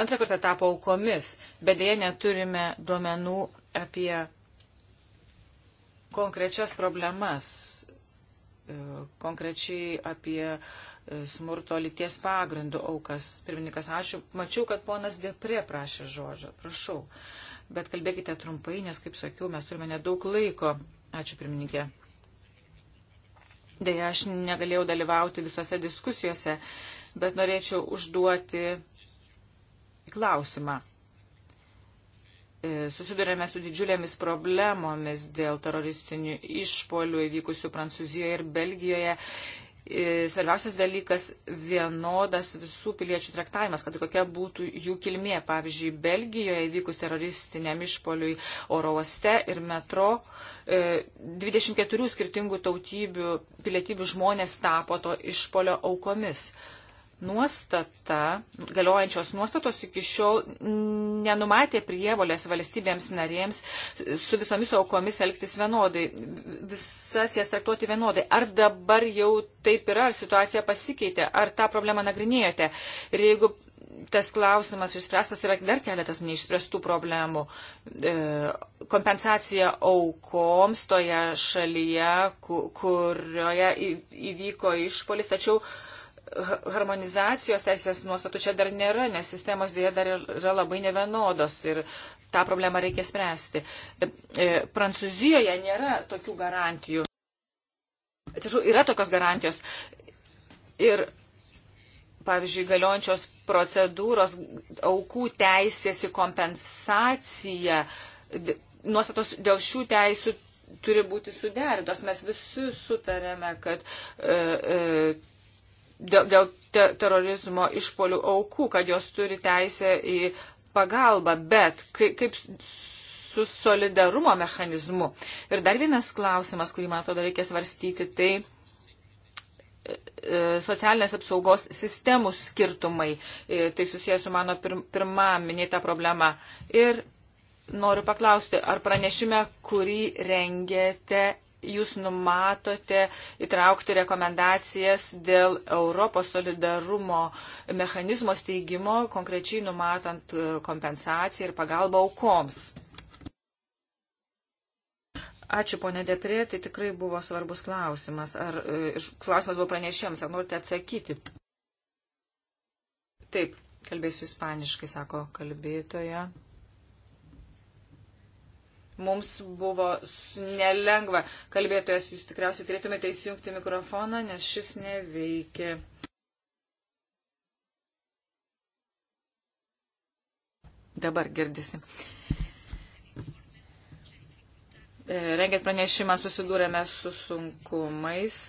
antrą kartą tapo aukomis, bet dėje neturime duomenų apie konkrečias problemas, e, konkrečiai apie uh, smurto lyties pagrindų aukas. Pirmininkas, ačiū. Mačiau, kad ponas Depre prašė žodžio. Prašau. Bet kalbėkite trumpai, nes, kaip sakiau, mes turime nedaug laiko. Ačiū, pirmininkė. Deja, aš negalėjau dalyvauti visose diskusijose, bet norėčiau užduoti klausimą e, susidurėme su didžiulėmis problemomis dėl teroristinių išpolių įvykusių Prancūzijoje ir Belgijoje E, svarbiausias dalykas - vienodas visų piliečių traktavimas, kad kokia būtų jų kilmė. Pavyzdžiui, Belgijoje įvykus teroristiniam išpoliui oro uoste ir metro 24 e, skirtingų tautybių pilietybių žmonės tapo to išpolio aukomis nuostata, galiojančios nuostatos iki šiol nenumatė prievolės valstybėms narėms su visomis aukomis elgtis vienodai, visas jas traktuoti vienodai. Ar dabar jau taip yra, ar situacija pasikeitė, ar tą problemą nagrinėjate? Ir jeigu tas klausimas išspręstas, yra dar keletas neišspręstų problemų. E, kompensacija aukoms toje šalyje, kurioje įvyko išpolis, tačiau harmonizacijos teisės nuostatų čia dar nėra, nes sistemos dėja dar yra labai nevienodos ir tą problemą reikia spręsti. E, e, Prancūzijoje nėra tokių garantijų. Atsiprašau, yra tokios garantijos. Ir, pavyzdžiui, galiojančios procedūros aukų teisės į kompensaciją, nuostatos dėl šių teisų turi būti suderintos. Mes visi sutarėme, kad e, e, dėl, dėl te, terorizmo išpolių aukų, kad jos turi teisę į pagalbą, bet kaip, kaip su solidarumo mechanizmu. Ir dar vienas klausimas, kurį man atrodo reikia svarstyti, tai e, e, socialinės apsaugos sistemų skirtumai. E, tai susijęs su mano pirmą minėta problema. Ir noriu paklausti, ar pranešime, kurį rengėte, jūs numatote įtraukti rekomendacijas dėl Europos solidarumo mechanizmo steigimo, konkrečiai numatant e, kompensaciją ir pagalbą aukoms? Ačiū, ponė Deprė, tai tikrai buvo svarbus klausimas. Ar e, klausimas buvo pranešėjams, ar norite atsakyti? Taip, kalbėsiu ispaniškai, sako kalbėtoja. Mums buvo nelengva. Kalbėtojas, jūs tikriausiai turėtumėte įsijungti mikrofoną, nes šis neveikia. Dabar girdisi. E, rengiant pranešimą susidūrėme su sunkumais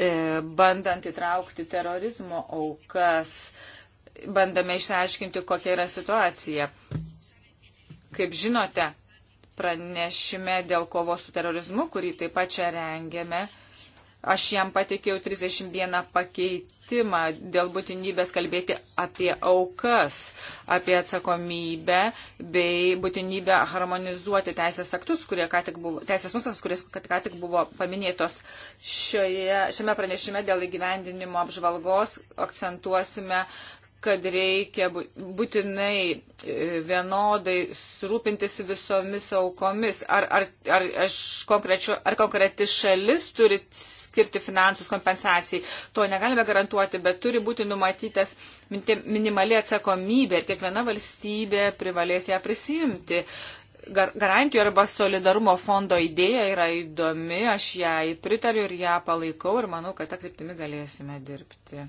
e, bandant įtraukti terorizmo aukas bandome išsiaiškinti, kokia yra situacija. Kaip žinote, pranešime dėl kovos su terorizmu, kurį taip pat čia rengėme, aš jam patikėjau 31 pakeitimą dėl būtinybės kalbėti apie aukas, apie atsakomybę bei būtinybę harmonizuoti teisės aktus, kurie ką tik buvo, teisės nustatas, kuris ką tik buvo paminėtos šioje, šiame pranešime dėl įgyvendinimo apžvalgos, akcentuosime kad reikia būtinai e, vienodai surūpintis visomis aukomis. Ar, ar, ar, ar konkreti šalis turi skirti finansus kompensacijai? To negalime garantuoti, bet turi būti numatytas minimali atsakomybė ir kiekviena valstybė privalės ją prisimti. Gar, garantijų arba solidarumo fondo idėja yra įdomi, aš ją pritariu ir ją palaikau ir manau, kad tą kryptimį galėsime dirbti.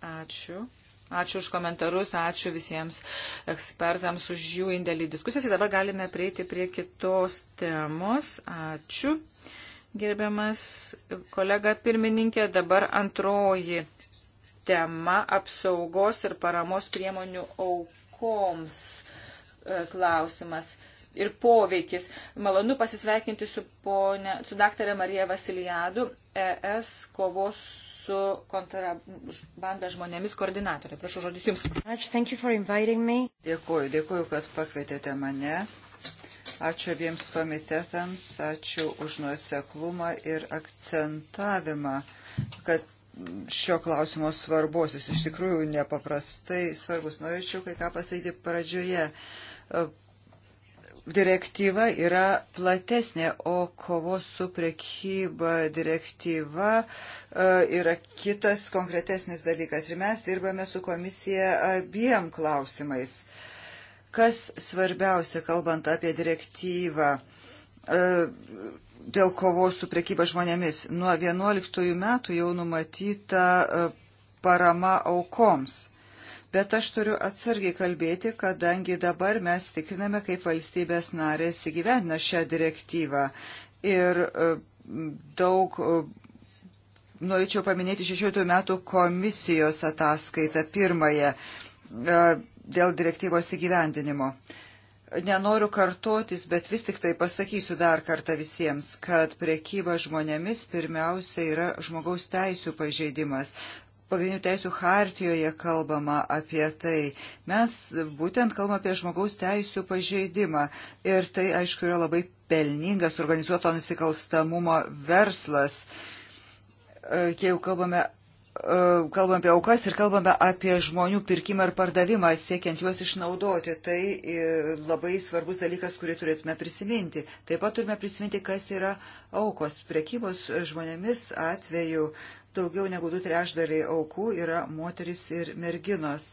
Ačiū. Ačiū už komentarus, ačiū visiems ekspertams už jų indėlį diskusijas. Ir dabar galime prieiti prie kitos temos. Ačiū. Gerbiamas kolega pirmininkė, dabar antroji tema - apsaugos ir paramos priemonių aukoms e, klausimas ir poveikis. Malonu pasisveikinti su, ponė, su daktarė Marija Vasilijadu, ES kovos su kontrabanda žmonėmis koordinatorė. Prašau žodis Jums. Dėkuoju, dėkuoju, kad pakvietėte mane. Ačiū abiems komitetams, ačiū už nuoseklumą ir akcentavimą, kad šio klausimo svarbos, jis iš tikrųjų nepaprastai svarbus. Norėčiau kai ką pasakyti pradžioje direktyva yra platesnė, o kovos su prekyba direktyva e, yra kitas konkretesnis dalykas. Ir mes dirbame su komisija abiem klausimais. Kas svarbiausia, kalbant apie direktyvą e, dėl kovos su prekyba žmonėmis? Nuo 11 metų jau numatyta e, parama aukoms Bet aš turiu atsargiai kalbėti, kadangi dabar mes tikriname, kaip valstybės narės įgyvendina šią direktyvą. Ir e, daug e, norėčiau paminėti 16 metų komisijos ataskaitą pirmąją e, dėl direktyvos įgyvendinimo. Nenoriu kartotis, bet vis tik tai pasakysiu dar kartą visiems, kad priekyba žmonėmis pirmiausia yra žmogaus teisų pažeidimas pagrindinių teisų hartijoje kalbama apie tai. Mes būtent kalbame apie žmogaus teisų pažeidimą ir tai, aišku, yra labai pelningas organizuoto nusikalstamumo verslas. E, Jeigu kalbame, e, kalbame apie aukas ir kalbame apie žmonių pirkimą ir pardavimą, siekiant juos išnaudoti, tai e, labai svarbus dalykas, kurį turėtume prisiminti. Taip pat turime prisiminti, kas yra aukos. Prekybos žmonėmis atveju Daugiau negu du trešdaliai aukų yra moteris ir merginos.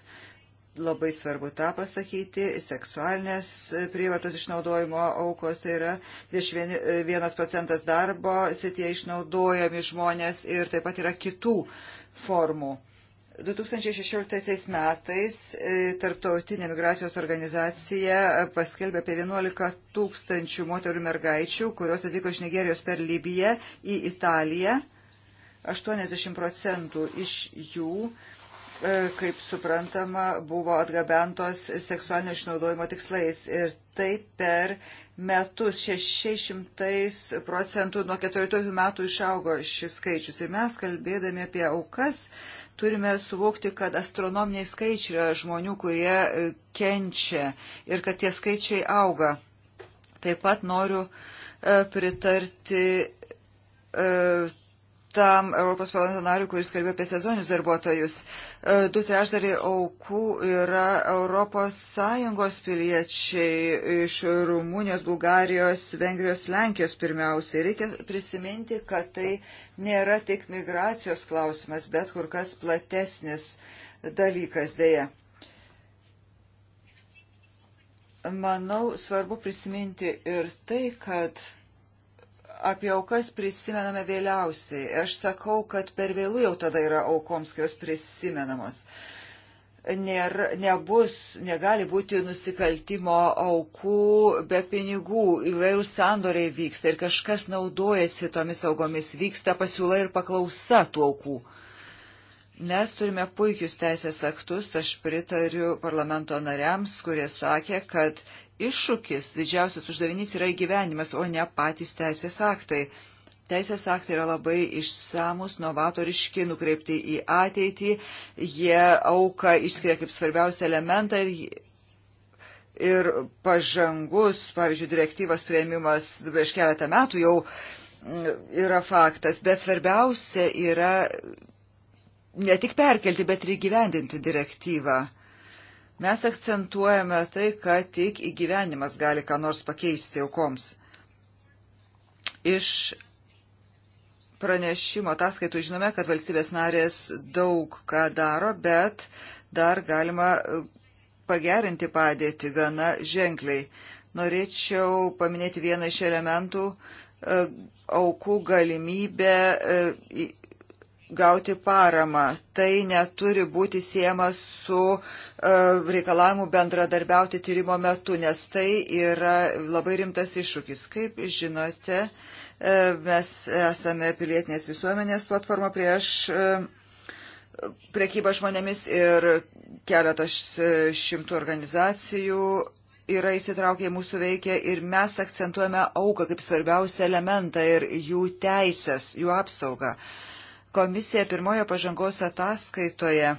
Labai svarbu tą pasakyti, seksualinės prievartos išnaudojimo aukos tai yra 21 procentas darbo, sitie išnaudojami žmonės ir taip pat yra kitų formų. 2016 metais e, Tarptautinė migracijos organizacija paskelbė apie 11 tūkstančių moterų mergaičių, kurios atvyko iš Nigerijos per Libiją į Italiją. 80 procentų iš jų, e, kaip suprantama, buvo atgabentos seksualinio išnaudojimo tikslais. Ir tai per metus 600 procentų nuo 14 metų išaugo šis skaičius. Ir mes kalbėdami apie aukas turime suvokti, kad astronominiai skaičiai yra žmonių, kurie e, kenčia ir kad tie skaičiai auga. Taip pat noriu e, pritarti tam Europos parlamento nariu, kuris kalbėjo apie sezoninius darbuotojus. E, du trešdaliai aukų yra Europos Sąjungos piliečiai iš Rumunijos, Bulgarijos, Vengrijos, Lenkijos pirmiausiai. Reikia prisiminti, kad tai nėra tik migracijos klausimas, bet kur kas platesnis dalykas dėja. Manau, svarbu prisiminti ir tai, kad apie aukas prisimename vėliausiai. Aš sakau, kad per vėlų jau tada yra aukoms, kai jos prisimenamos. Nėr, nebus, negali būti nusikaltimo aukų be pinigų, įvairių sandoriai vyksta ir kažkas naudojasi tomis augomis, vyksta pasiūla ir paklausa tų aukų. Mes turime puikius teisės aktus, aš pritariu parlamento nariams, kurie sakė, kad iššūkis, didžiausias uždavinys yra įgyvenimas, o ne patys teisės aktai. Teisės aktai yra labai išsamus, novatoriški, nukreipti į ateitį, jie auką išskiria kaip svarbiausią elementą ir, ir pažangus, pavyzdžiui, direktyvos prieimimas prieš keletą metų jau mm, yra faktas, bet svarbiausia yra ne tik perkelti, bet ir įgyvendinti direktyvą. Mes akcentuojame tai, kad tik įgyvenimas gali ką nors pakeisti aukoms. Iš pranešimo ataskaitų žinome, kad valstybės narės daug ką daro, bet dar galima e, pagerinti padėtį gana ženkliai. Norėčiau paminėti vieną iš elementų e, aukų galimybę e, gauti paramą. Tai neturi būti siejama su e, reikalavimu bendradarbiauti tyrimo metu, nes tai yra labai rimtas iššūkis. Kaip žinote, e, mes esame pilietinės visuomenės platforma prieš e, prekybą žmonėmis ir keletas šimtų organizacijų yra įsitraukę į mūsų veikę ir mes akcentuojame auką kaip svarbiausią elementą ir jų teisės, jų apsaugą. Uh, Komisija pirmojo pažangos ataskaitoje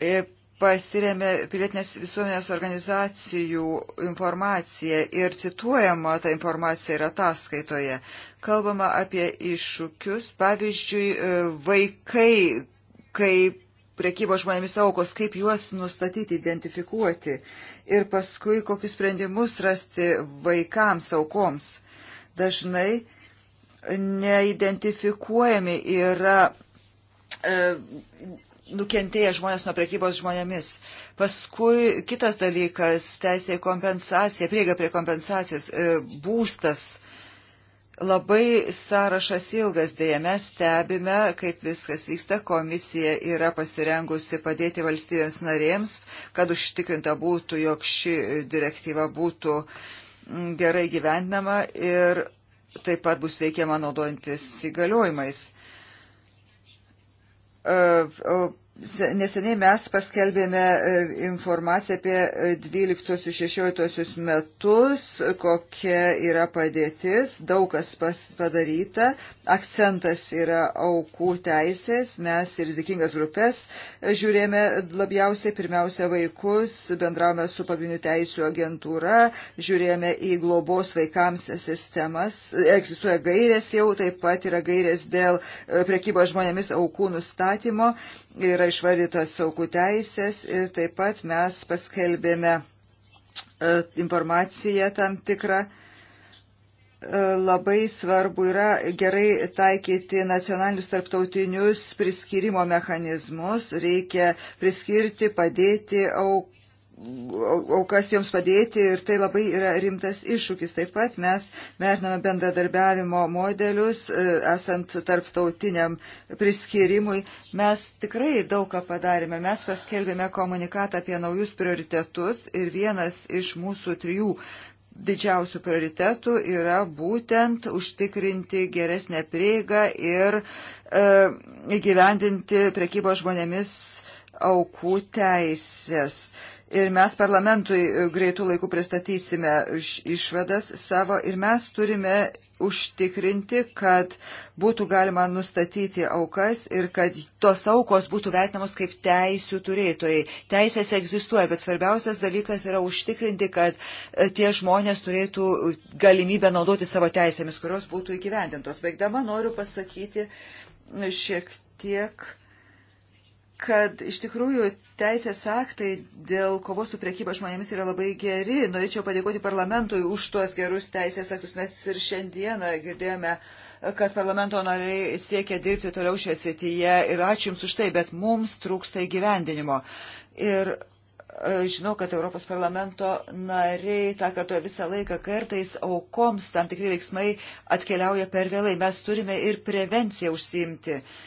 e, pasiremė pilietinės visuomenės organizacijų informaciją ir cituojama ta informacija yra ataskaitoje. Kalbama apie iššūkius, pavyzdžiui, e, vaikai, kaip priekybo žmonėmis aukos, kaip juos nustatyti, identifikuoti ir paskui kokius sprendimus rasti vaikams aukoms. Dažnai neidentifikuojami yra e, nukentėję žmonės nuo prekybos žmonėmis. Paskui kitas dalykas - teisė į kompensaciją, prieiga prie kompensacijos, e, būstas. Labai sąrašas ilgas, dėja mes stebime, kaip viskas vyksta. Komisija yra pasirengusi padėti valstybėms narėms, kad užtikrinta būtų, jog ši direktyva būtų gerai gyvendinama ir taip pat bus veikiama naudojantis įgaliojimais. E, Neseniai mes paskelbėme e, informaciją apie 12-16 e, metus, kokia yra padėtis, daug kas padaryta, akcentas yra aukų teisės, mes ir zikingas grupės e, žiūrėjome labiausiai, pirmiausia, vaikus, bendravome su pagrindinių teisų agentūra, žiūrėjome į globos vaikams sistemas, egzistuoja gairės jau, taip pat yra gairės dėl prekybos žmonėmis aukų nustatymo yra išvardytos aukų teisės ir taip pat mes paskelbėme e, informaciją tam tikrą. E, labai svarbu yra gerai taikyti nacionalinius tarptautinius priskirimo mechanizmus, reikia priskirti, padėti auk aukas joms padėti ir tai labai yra rimtas iššūkis. Taip pat mes vertiname bendradarbiavimo modelius, e, esant tarptautiniam priskirimui. Mes tikrai daug ką padarėme. Mes paskelbėme komunikatą apie naujus prioritetus ir vienas iš mūsų trijų didžiausių prioritetų yra būtent užtikrinti geresnę prieigą ir e, įgyvendinti prekybos žmonėmis aukų teisės. E, ir mes parlamentui e, greitų laikų pristatysime išvadas savo ir mes turime užtikrinti, kad būtų galima nustatyti aukas ir kad tos aukos būtų vertinamos kaip teisių turėtojai. Teisės egzistuoja, bet svarbiausias dalykas yra užtikrinti, kad e, tie žmonės turėtų galimybę naudoti savo teisėmis, kurios būtų įgyvendintos. Baigdama noriu pasakyti e, šiek tiek, kad iš tikrųjų teisės aktai dėl kovos su priekyba žmonėmis yra labai geri. Norėčiau padėkoti parlamentui už tuos gerus teisės aktus. Mes ir šiandieną girdėjome kad parlamento nariai siekia dirbti toliau šioje srityje ir ačiū Jums už tai, bet mums trūksta įgyvendinimo. Ir e, žinau, kad Europos parlamento nariai tą kartuoja visą laiką, kartais aukoms tam tikri veiksmai atkeliauja per vėlai. Mes turime ir prevenciją užsiimti. Uh,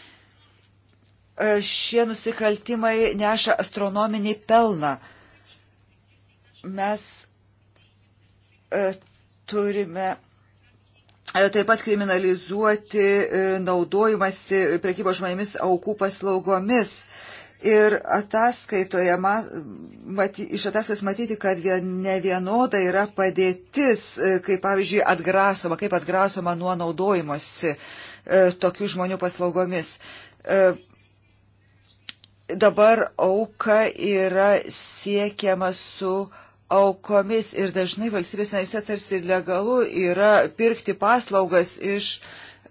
E, šie nusikaltimai neša astronominį pelną. Mes e, turime e, taip pat kriminalizuoti naudojimasi prekybos žmonėmis aukų paslaugomis. Ir ataskaitoje, mat, iš ataskaitos matyti, kad vien, ne vienoda yra padėtis, kaip pavyzdžiui, atgrasoma, kaip atgrasoma nuo naudojimosi tokių žmonių paslaugomis dabar auka yra siekiama su aukomis ir dažnai valstybės narėse tarsi legalu yra pirkti paslaugas iš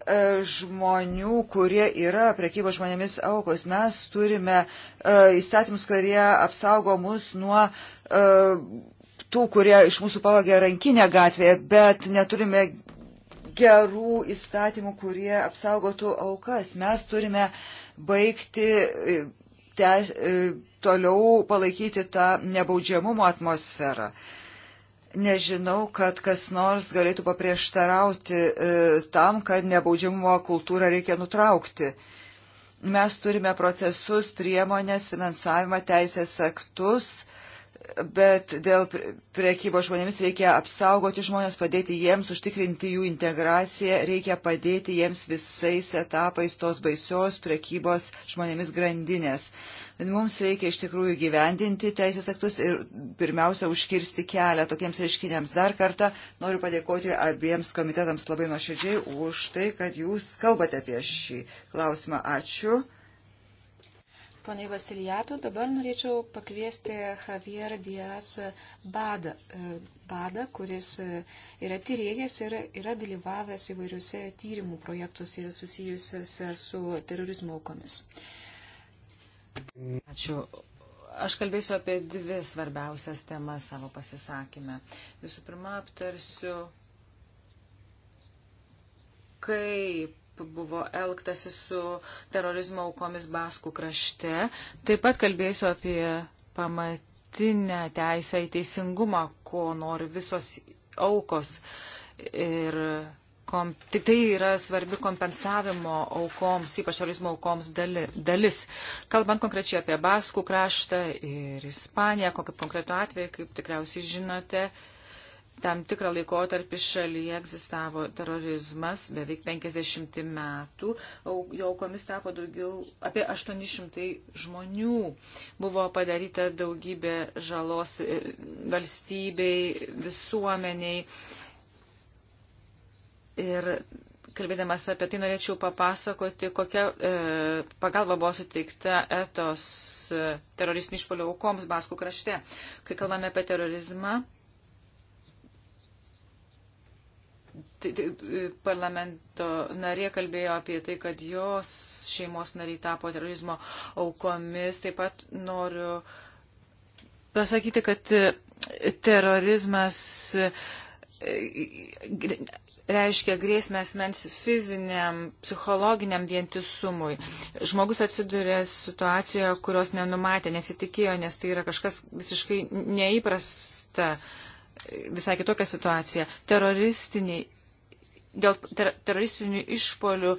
e, žmonių, kurie yra prekybos žmonėmis aukos. Mes turime e, įstatymus, kurie apsaugo mus nuo e, tų, kurie iš mūsų pavagė rankinę gatvėje, bet neturime gerų įstatymų, kurie apsaugotų aukas. Mes turime baigti e, te, e, toliau palaikyti tą nebaudžiamumo atmosferą. Nežinau, kad kas nors galėtų paprieštarauti e, tam, kad nebaudžiamumo kultūrą reikia nutraukti. Mes turime procesus, priemonės, finansavimą, teisės aktus, bet dėl priekybos žmonėmis reikia apsaugoti žmonės, padėti jiems, užtikrinti jų integraciją, reikia padėti jiems visais etapais tos baisios priekybos žmonėmis grandinės. Bet mums reikia iš tikrųjų gyvendinti teisės aktus ir pirmiausia užkirsti kelią tokiems reiškiniams. Dar kartą noriu padėkoti abiems komitetams labai nuoširdžiai už tai, kad jūs kalbate apie šį klausimą. Ačiū poniai Vasilijato. Dabar norėčiau pakviesti Javier Dias Bada, e, Bada kuris e, yra tyrėjas ir yra dalyvavęs įvairiuose tyrimų projektuose susijusiuose su terorizmo aukomis. Ačiū. Aš kalbėsiu apie dvi svarbiausias temas savo pasisakymę. Visų pirma, aptarsiu, kaip buvo elgtasi su terorizmo aukomis Baskų krašte. Taip pat kalbėsiu apie pamatinę teisę į teisingumą, ko nori visos aukos. Ir kom, tik tai yra svarbi kompensavimo aukoms, ypač terorizmo aukoms dali, dalis. Kalbant konkrečiai apie Baskų kraštą ir Ispaniją, kokį konkretų atvejį, kaip tikriausiai žinote, uh, tam tikrą laikotarpį šalyje egzistavo terorizmas, beveik 50 metų, jo aukomis tapo daugiau, apie 800 žmonių. Buvo padaryta daugybė žalos e, valstybei, visuomeniai. Ir kalbėdamas apie tai norėčiau papasakoti, kokia e, pagalba buvo suteikta etos e, teroristinių išpolio aukoms Baskų krašte. Kai kalbame apie terorizmą, parlamento narė kalbėjo apie tai, kad jos šeimos nariai tapo terorizmo aukomis. Taip pat noriu pasakyti, kad e, terorizmas e, reiškia grėsmę asmens fiziniam, psichologiniam vientisumui. Žmogus atsiduria situacijoje, kurios nenumatė, nesitikėjo, nes tai yra kažkas visiškai neįprasta, visai kitokia situacija. Teroristiniai dėl ter teroristinių išpolių e,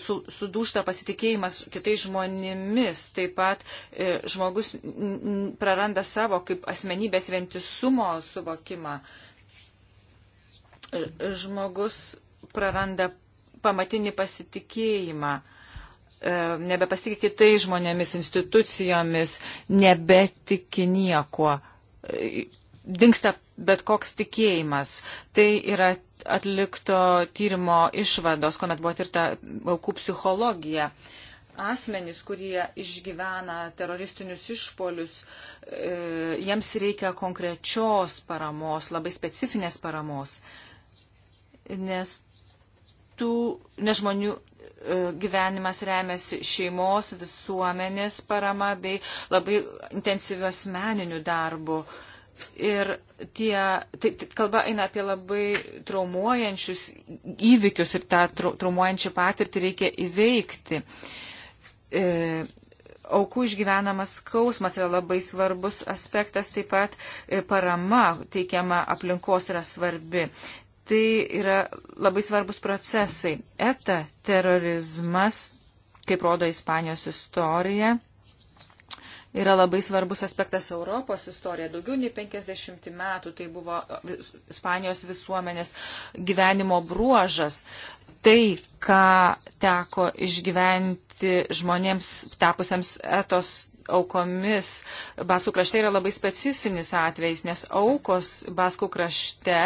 su, sudūšta pasitikėjimas kitais žmonėmis, taip pat e, žmogus praranda savo kaip asmenybės ventisumo suvokimą. E, žmogus praranda pamatinį pasitikėjimą, e, nebepasitikė kitais žmonėmis, institucijomis, nebetiki niekuo. E, dinksta bet koks tikėjimas. Tai yra atlikto tyrimo išvados, kuomet buvo tirta aukų psichologija. Asmenys, kurie išgyvena teroristinius išpolius, e, jiems reikia konkrečios paramos, labai specifinės paramos, nes tų nežmonių e, gyvenimas remiasi šeimos, visuomenės parama bei labai intensyvios meninių darbų. Uh, Ir tie, tai, tai kalba eina apie labai traumuojančius įvykius ir tą traumuojančią patirtį reikia įveikti. E, aukų išgyvenamas skausmas yra labai svarbus aspektas, taip pat e, parama teikiama aplinkos yra svarbi. Tai yra labai svarbus procesai. ETA terorizmas, kaip rodo Ispanijos istorija, yra labai svarbus aspektas Europos istorija. Daugiau nei 50 metų tai buvo Ispanijos visuomenės gyvenimo bruožas. Tai, ką teko išgyventi žmonėms tapusiems etos aukomis Baskų krašte yra labai specifinis atvejis, nes aukos Baskų krašte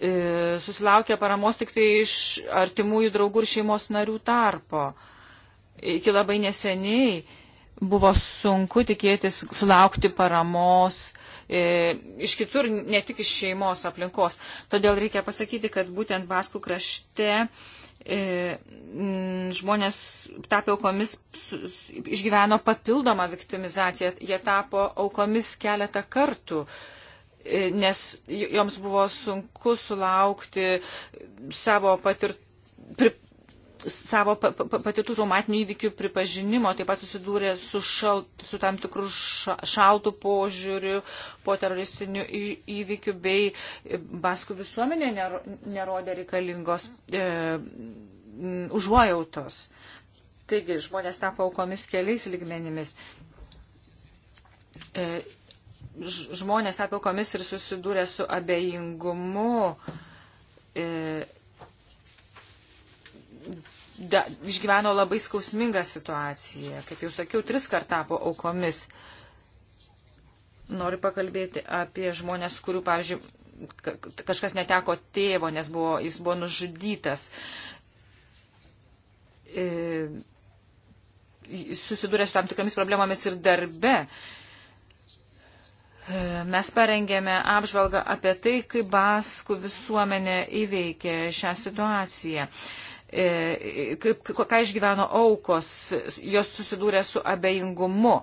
e, susilaukia paramos tik tai iš artimųjų draugų ir šeimos narių tarpo iki labai neseniai buvo sunku tikėtis sulaukti paramos e, iš kitur, ne tik iš šeimos aplinkos. Todėl reikia pasakyti, kad būtent Baskų krašte e, žmonės tapę aukomis išgyveno papildomą viktimizaciją. Jie tapo aukomis keletą kartų. E, nes joms buvo sunku sulaukti savo patirt, pri, savo patirtų traumatinių įvykių pripažinimo, taip pat susidūrė su, šal, su tam tikrų šaltų požiūrių po teroristinių įvykių, bei e, Baskų visuomenė nerodė reikalingos e, užuojautos. Taigi žmonės tapo aukomis keliais ligmenimis. E, žmonės tapo aukomis ir susidūrė su abejingumu. E, da, išgyveno labai skausmingą situaciją. Kaip jau sakiau, tris kart tapo aukomis. Noriu pakalbėti apie žmonės, kurių, pavyzdžiui, kažkas neteko tėvo, nes buvo, jis buvo nužudytas. E, susidūrė su tam tikromis problemomis ir darbe. E, mes parengėme apžvalgą apie tai, kaip Baskų visuomenė įveikė šią situaciją. E, kaip, ką išgyveno aukos, jos susidūrė su abejingumu.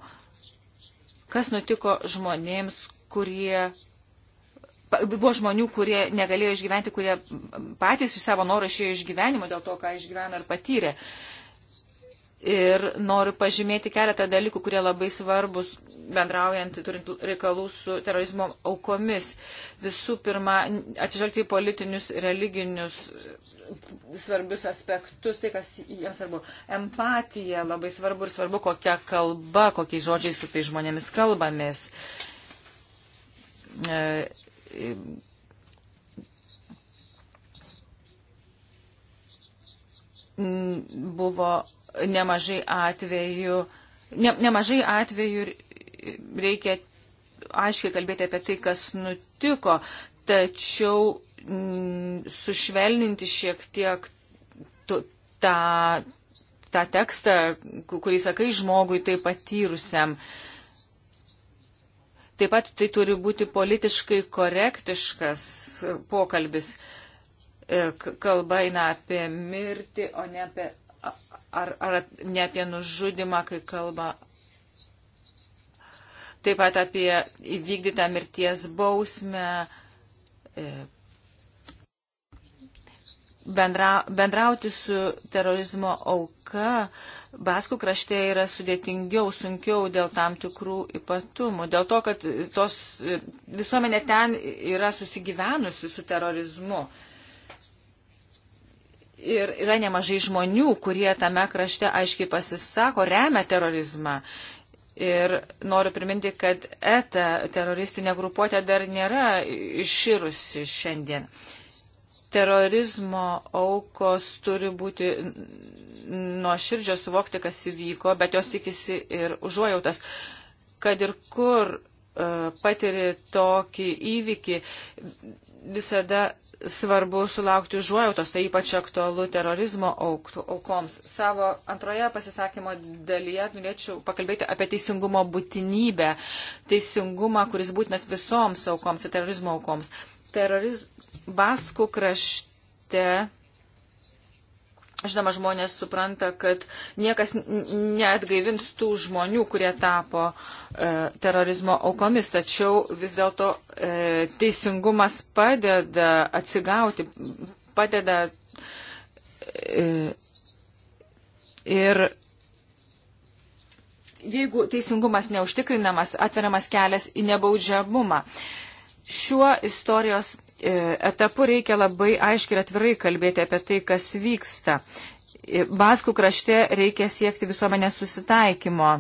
Kas nutiko žmonėms, kurie. Buvo žmonių, kurie negalėjo išgyventi, kurie patys iš savo norų išėjo iš gyvenimo dėl to, ką išgyveno ir patyrė. Ir noriu pažymėti keletą dalykų, kurie labai svarbus bendraujant, turint reikalų su terorizmo aukomis. Visų pirma, atsižvelgti į politinius, religinius svarbius aspektus, tai kas jiems svarbu. Empatija labai svarbu ir svarbu, kokia kalba, kokiais žodžiais su tai žmonėmis kalbamės. E, e, buvo nemažai atvejų, ne, nemažai atvejų reikia aiškiai kalbėti apie tai, kas nutiko, tačiau m, mm, sušvelninti šiek tiek tą, tą tekstą, kurį sakai žmogui tai patyrusiam. Taip pat tai turi būti politiškai korektiškas pokalbis. E, kalba eina apie mirtį, o ne apie ar, ar ne apie nužudimą, kai kalba. Taip pat apie įvykdytą mirties bausmę, e, bendra, bendrauti su terorizmo auka Baskų krašte yra sudėtingiau, sunkiau dėl tam tikrų ypatumų. Dėl to, kad tos e, visuomenė ten yra susigyvenusi su terorizmu. Uh, ir yra nemažai žmonių, kurie tame krašte aiškiai pasisako, remia terorizmą. Ir noriu priminti, kad ETA teroristinė grupuotė dar nėra išširusi šiandien. Terorizmo aukos turi būti nuo širdžio suvokti, kas įvyko, bet jos tikisi ir užuojautas, kad ir kur uh, patiri tokį įvykį, visada svarbu sulaukti užuojautos, tai ypač aktualu terorizmo aukoms. Savo antroje pasisakymo dalyje norėčiau pakalbėti apie teisingumo būtinybę, teisingumą, kuris būtinas visoms aukoms ir terorizmo aukoms. Teroriz... Baskų krašte Žinoma, žmonės supranta, kad niekas neatgaivins tų žmonių, kurie tapo e, terorizmo aukomis, tačiau vis dėlto e, teisingumas padeda atsigauti, padeda e, ir jeigu teisingumas neužtikrinamas, atveriamas kelias į nebaudžiamumą. Šiuo istorijos E, etapu reikia labai aiškiai ir atvirai kalbėti apie tai, kas vyksta. E, Baskų krašte reikia siekti visuomenės susitaikymo.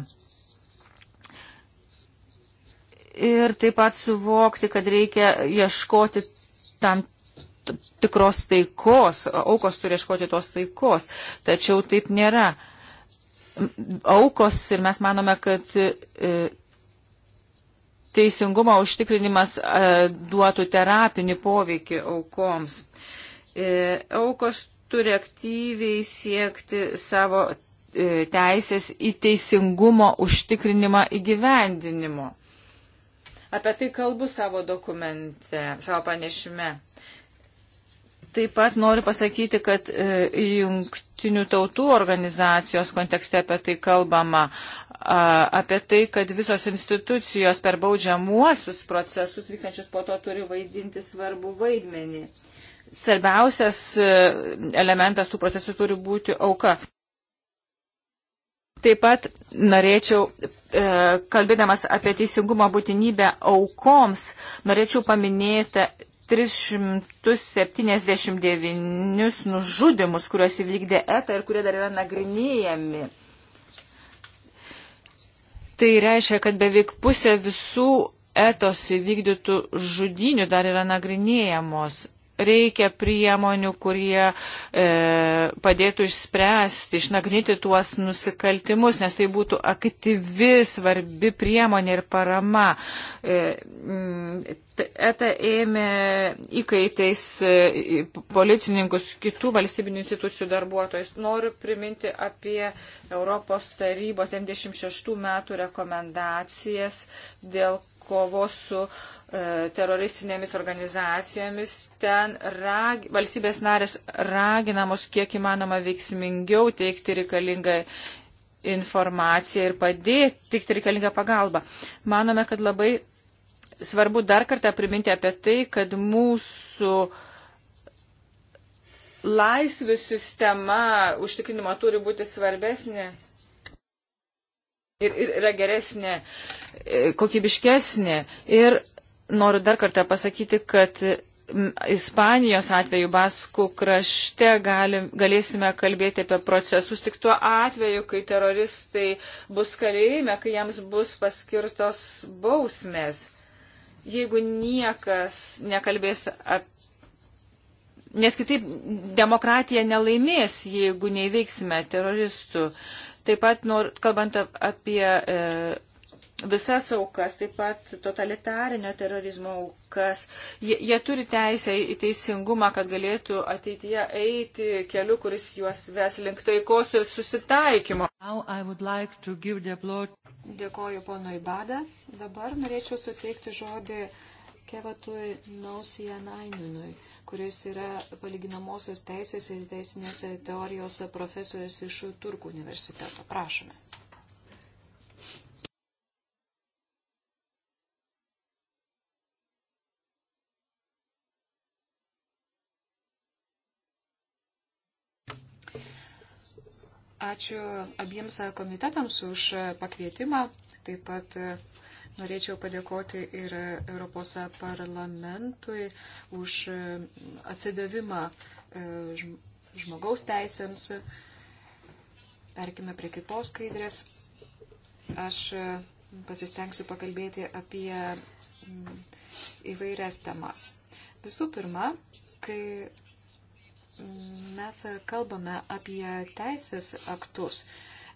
Ir taip pat suvokti, kad reikia ieškoti tam tikros taikos, aukos turi ieškoti tos taikos, tačiau taip nėra. Aukos ir mes manome, kad e, teisingumo užtikrinimas e, duotų terapinį poveikį aukoms. E, aukos turi aktyviai siekti savo e, teisės į teisingumo užtikrinimą įgyvendinimo. Apie tai kalbu savo dokumente, savo panešime. Taip pat noriu pasakyti, kad e, jungtinių tautų organizacijos kontekste apie tai kalbama, apie tai, kad visos institucijos per baudžiamuosius procesus vykstančius po to turi vaidinti svarbų vaidmenį. Svarbiausias e, elementas tų procesų turi būti auka. Taip pat norėčiau, e, kalbėdamas apie teisingumo būtinybę aukoms, norėčiau paminėti 379 nužudimus, kuriuos įvykdė ETA ir kurie dar yra nagrinėjami. Tai reiškia, kad beveik pusė visų etos įvykdytų žudinių dar yra nagrinėjamos. Reikia priemonių, kurie e, padėtų išspręsti, išnagrinėti tuos nusikaltimus, nes tai būtų aktyvi, svarbi priemonė ir parama. E, m, ETA ėmė įkaitais e, policininkus kitų valstybinių institucijų darbuotojus. Noriu priminti apie Europos tarybos 96 metų rekomendacijas dėl kovos su e, teroristinėmis organizacijomis. Ten rag, valstybės narės raginamos kiek įmanoma veiksmingiau teikti reikalingą informaciją ir padėti, teikti reikalingą pagalbą. Manome, kad labai Svarbu dar kartą priminti apie tai, kad mūsų laisvių sistema užtikrinimo turi būti svarbesnė ir, ir yra geresnė, e, kokybiškesnė. Ir noriu dar kartą pasakyti, kad Ispanijos atveju Baskų krašte gali, galėsime kalbėti apie procesus tik tuo atveju, kai teroristai bus kalėjime, kai jiems bus paskirtos bausmės. Jeigu niekas nekalbės apie. Nes kitaip demokratija nelaimės, jeigu neįveiksime teroristų. Taip pat, nor, kalbant apie e, visas aukas, taip pat totalitarinio terorizmo aukas. Jie, jie turi teisę į teisingumą, kad galėtų ateityje eiti keliu, kuris juos ves link taikos ir susitaikymo. Like Dėkoju ponui Bada. Dabar norėčiau suteikti žodį Kevatui Nausijanaininui, kuris yra palyginamosios teisės ir teisinės teorijos profesorius iš Turkų universiteto. Prašome. Ačiū abiems komitetams už pakvietimą. Taip pat norėčiau padėkoti ir Europos parlamentui už atsidavimą e, žmogaus teisėms. Perkime prie kitos skaidrės. Aš e, pasistengsiu pakalbėti apie įvairias temas. Visų pirma, kai mes kalbame apie teisės aktus.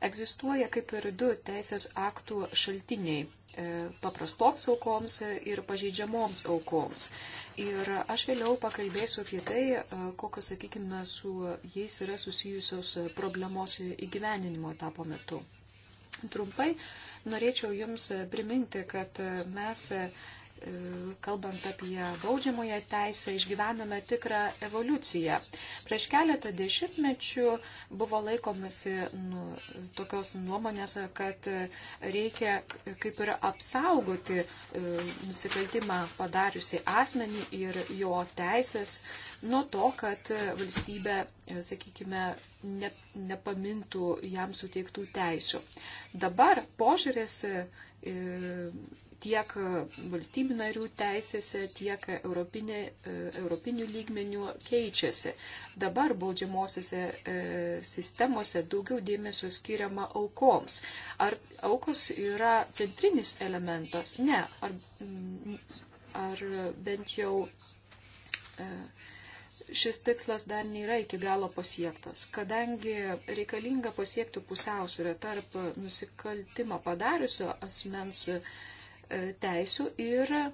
Egzistuoja kaip ir du teisės aktų šaltiniai e, paprastoms aukoms ir pažeidžiamoms aukoms. Ir aš vėliau pakalbėsiu apie tai, e, kokios, sakykime, su jais yra susijusios problemos įgyveninimo etapo metu. Trumpai norėčiau Jums priminti, kad mes E, kalbant apie baudžiamoją teisę, išgyvename tikrą evoliuciją. Prieš keletą dešimtmečių buvo laikomasi nu, tokios nuomonės, kad reikia kaip ir apsaugoti e, nusikaltimą padariusi asmenį ir jo teisės nuo to, kad valstybė, e, sakykime, ne, nepamintų jam suteiktų teisų. Dabar požiūrės tiek valstybių narių teisėse, tiek europinė, e, europinių lygmenių keičiasi. Dabar baudžiamosiose e, sistemose daugiau dėmesio skiriama aukoms. Ar aukos yra centrinis elementas? Ne. Ar, ar bent jau e, šis tikslas dar nėra iki galo pasiektas, kadangi reikalinga pasiekti pusiausvyrę tarp nusikaltimą padariusio asmens E, teisų ir e,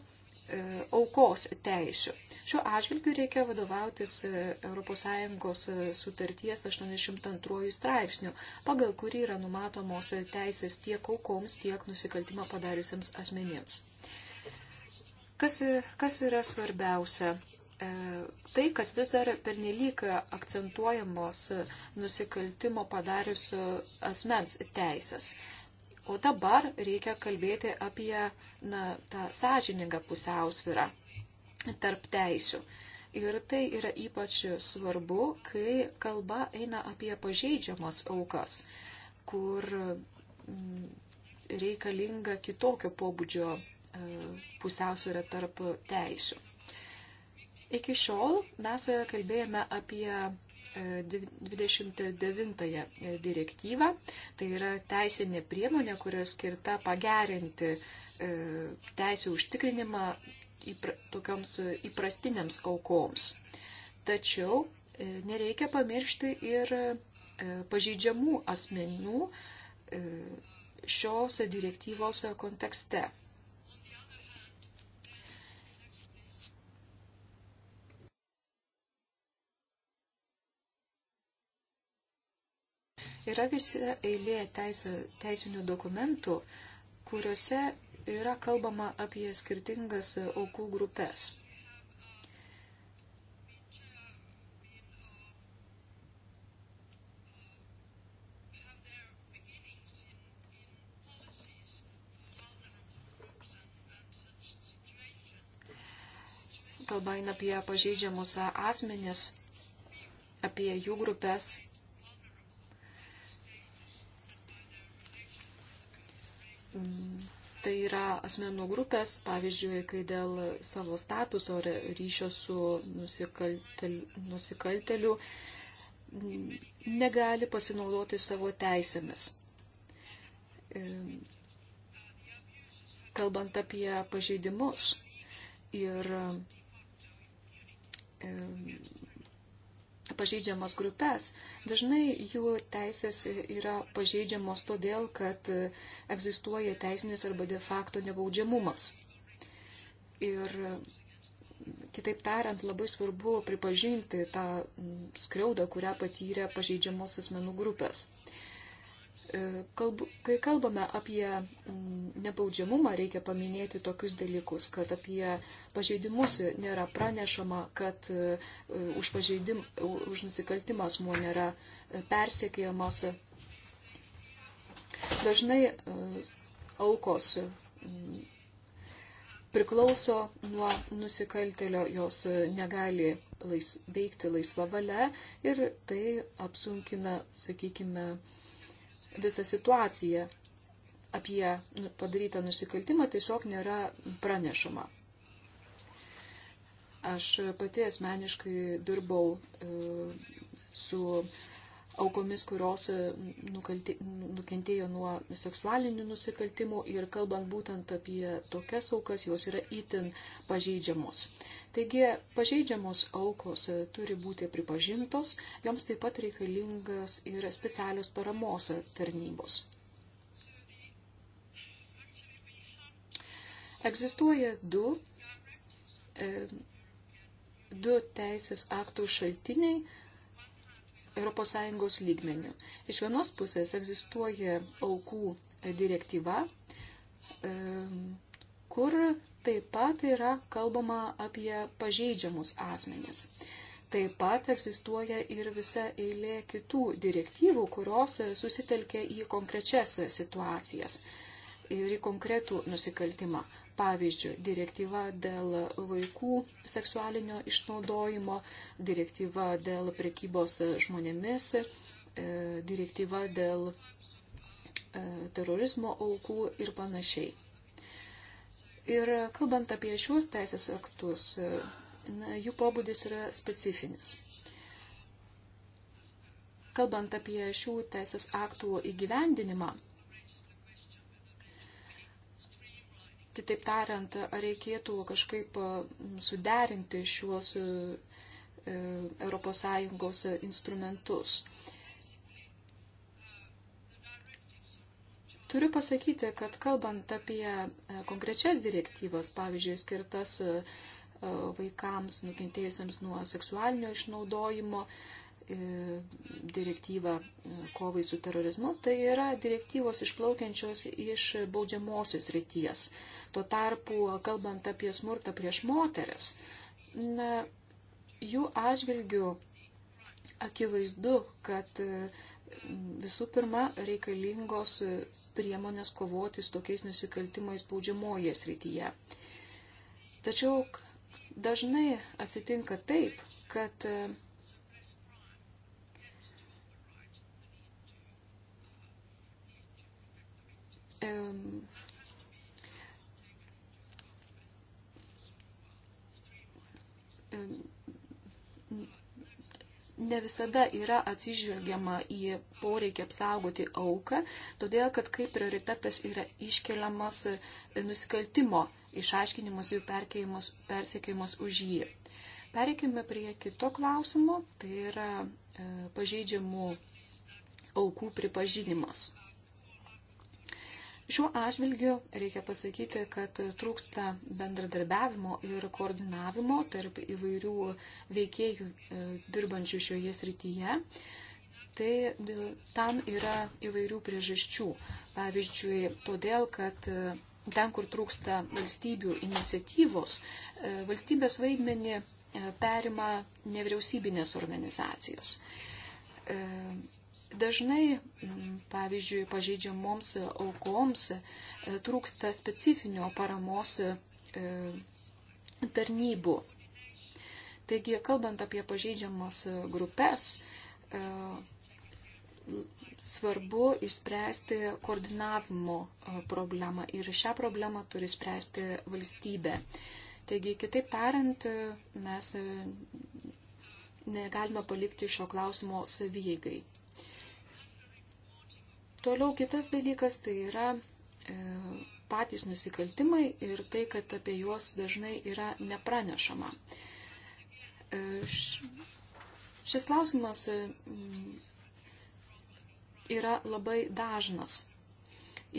aukos teisių. Šiuo atžvilgiu reikia vadovautis ES e, sutarties 82 straipsnių, pagal kurį yra numatomos teisės tiek aukoms, tiek nusikaltimą padariusiems asmenims. Kas, kas yra svarbiausia? Tai, kad vis dar pernelyg akcentuojamos nusikaltimo padariusio asmens teisės. O dabar reikia kalbėti apie na, tą sąžiningą pusiausvyrą tarp teisių. Ir tai yra ypač svarbu, kai kalba eina apie pažeidžiamas aukas, kur mm, reikalinga kitokio pobūdžio e, pusiausvyrą tarp teisių. Iki šiol mes kalbėjome apie 29 direktyvą. Tai yra teisinė priemonė, kuria skirta pagerinti e, teisų užtikrinimą įpra, tokioms įprastinėms aukoms. Tačiau e, nereikia pamiršti ir e, pažeidžiamų asmenų šios direktyvos kontekste. Yra visa eilė teisė, teisinių dokumentų, kuriuose yra kalbama apie skirtingas aukų grupės. kalba eina apie pažeidžiamus asmenis, apie jų grupės tai yra asmenų grupės, pavyzdžiui, kai dėl savo statuso ar ryšio su nusikalteliu, nusikalteliu negali pasinaudoti savo teisėmis. E, kalbant apie pažeidimus ir e, pažeidžiamas grupės. Dažnai jų teisės yra pažeidžiamos todėl, kad egzistuoja teisinis arba de facto nebaudžiamumas. Ir kitaip tariant, labai svarbu pripažinti tą skriaudą, kurią patyrė pažeidžiamos asmenų grupės. E, kalb, kai kalbame apie nebaudžiamumą, reikia paminėti tokius dalykus, kad apie pažeidimus nėra pranešama, kad e, už, pažeidim, už nusikaltimą asmuo nėra e, persiekėjamas. Dažnai aukos priklauso nuo nusikaltelio, jos negali lais, veikti laisvą valią ir tai apsunkina, sakykime, visą situaciją apie nu, padarytą nusikaltimą tiesiog nėra pranešama. Aš pati asmeniškai dirbau e, su aukomis, kurios e, nukalti, nukentėjo nuo seksualinių nusikaltimų ir kalbant būtent apie tokias aukas, jos yra itin pažeidžiamos. Taigi pažeidžiamos aukos e, turi būti pripažintos, joms taip pat reikalingas ir specialios paramos tarnybos. Egzistuoja du, e, du teisės aktų šaltiniai, ES lygmenių. Iš vienos pusės egzistuoja aukų direktyva, kur taip pat yra kalbama apie pažeidžiamus asmenis. Taip pat egzistuoja ir visa eilė kitų direktyvų, kurios susitelkia į konkrečias situacijas ir į konkretų nusikaltimą. Pavyzdžiui, direktyva dėl vaikų seksualinio išnaudojimo, direktyva dėl prekybos žmonėmis, e, direktyva dėl e, terorizmo aukų ir panašiai. Ir kalbant apie šiuos teisės aktus, e, na, jų pobūdis yra specifinis. Kalbant apie šių teisės aktų įgyvendinimą, Kitaip tai tariant, ar reikėtų kažkaip suderinti šiuos ES e, instrumentus. Turiu pasakyti, kad kalbant apie e, konkrečias direktyvas, pavyzdžiui, skirtas e, vaikams nukentėjusiems nuo seksualinio išnaudojimo, direktyva kovai su terorizmu, tai yra direktyvos išplaukiančios iš baudžiamosios ryties. Tuo tarpu, kalbant apie smurtą prieš moteris, na, jų atžvilgių akivaizdu, kad mm, visų pirma reikalingos priemonės kovoti su tokiais nusikaltimais baudžiamoje srityje. Tačiau dažnai atsitinka taip, kad um, ne visada yra atsižvelgiama į poreikį apsaugoti auką, todėl kad kaip prioritetas yra iškeliamas nusikaltimo išaiškinimas ir persiekėjimas už jį. Pereikime prie kito klausimo, tai yra e, pažeidžiamų aukų pripažinimas. Šiuo atžvilgiu reikia pasakyti, kad trūksta bendradarbiavimo ir koordinavimo tarp įvairių veikėjų e, dirbančių šioje srityje. Tai e, tam yra įvairių priežasčių. Pavyzdžiui, todėl, kad e, ten, kur trūksta valstybių iniciatyvos, valstybės vaidmenį perima nevyriausybinės organizacijos Dažnai, mm, pavyzdžiui, pažeidžiamoms aukoms e, trūksta specifinio paramos e, tarnybų. Taigi, kalbant apie pažeidžiamas grupės, e, svarbu išspręsti koordinavimo problemą ir šią problemą turi spręsti valstybė. Taigi, kitaip tariant, mes negalime palikti šio klausimo savygai. Toliau kitas dalykas tai yra e, patys nusikaltimai ir tai, kad apie juos dažnai yra nepranešama. E, šis klausimas e, yra labai dažnas,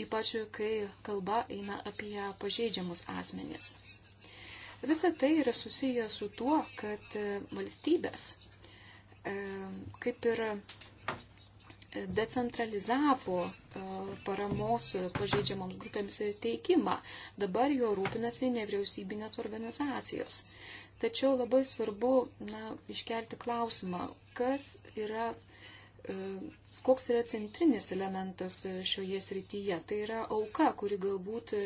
ypač kai kalba eina apie pažeidžiamus asmenys. Visa tai yra susiję su tuo, kad e, valstybės, e, kaip ir decentralizavo e, paramos pažeidžiamoms grupėms teikimą. Dabar jo rūpinasi nevyriausybinės organizacijos. Tačiau labai svarbu na, iškelti klausimą, kas yra, e, koks yra centrinis elementas šioje srityje. Tai yra auka, kuri galbūt e,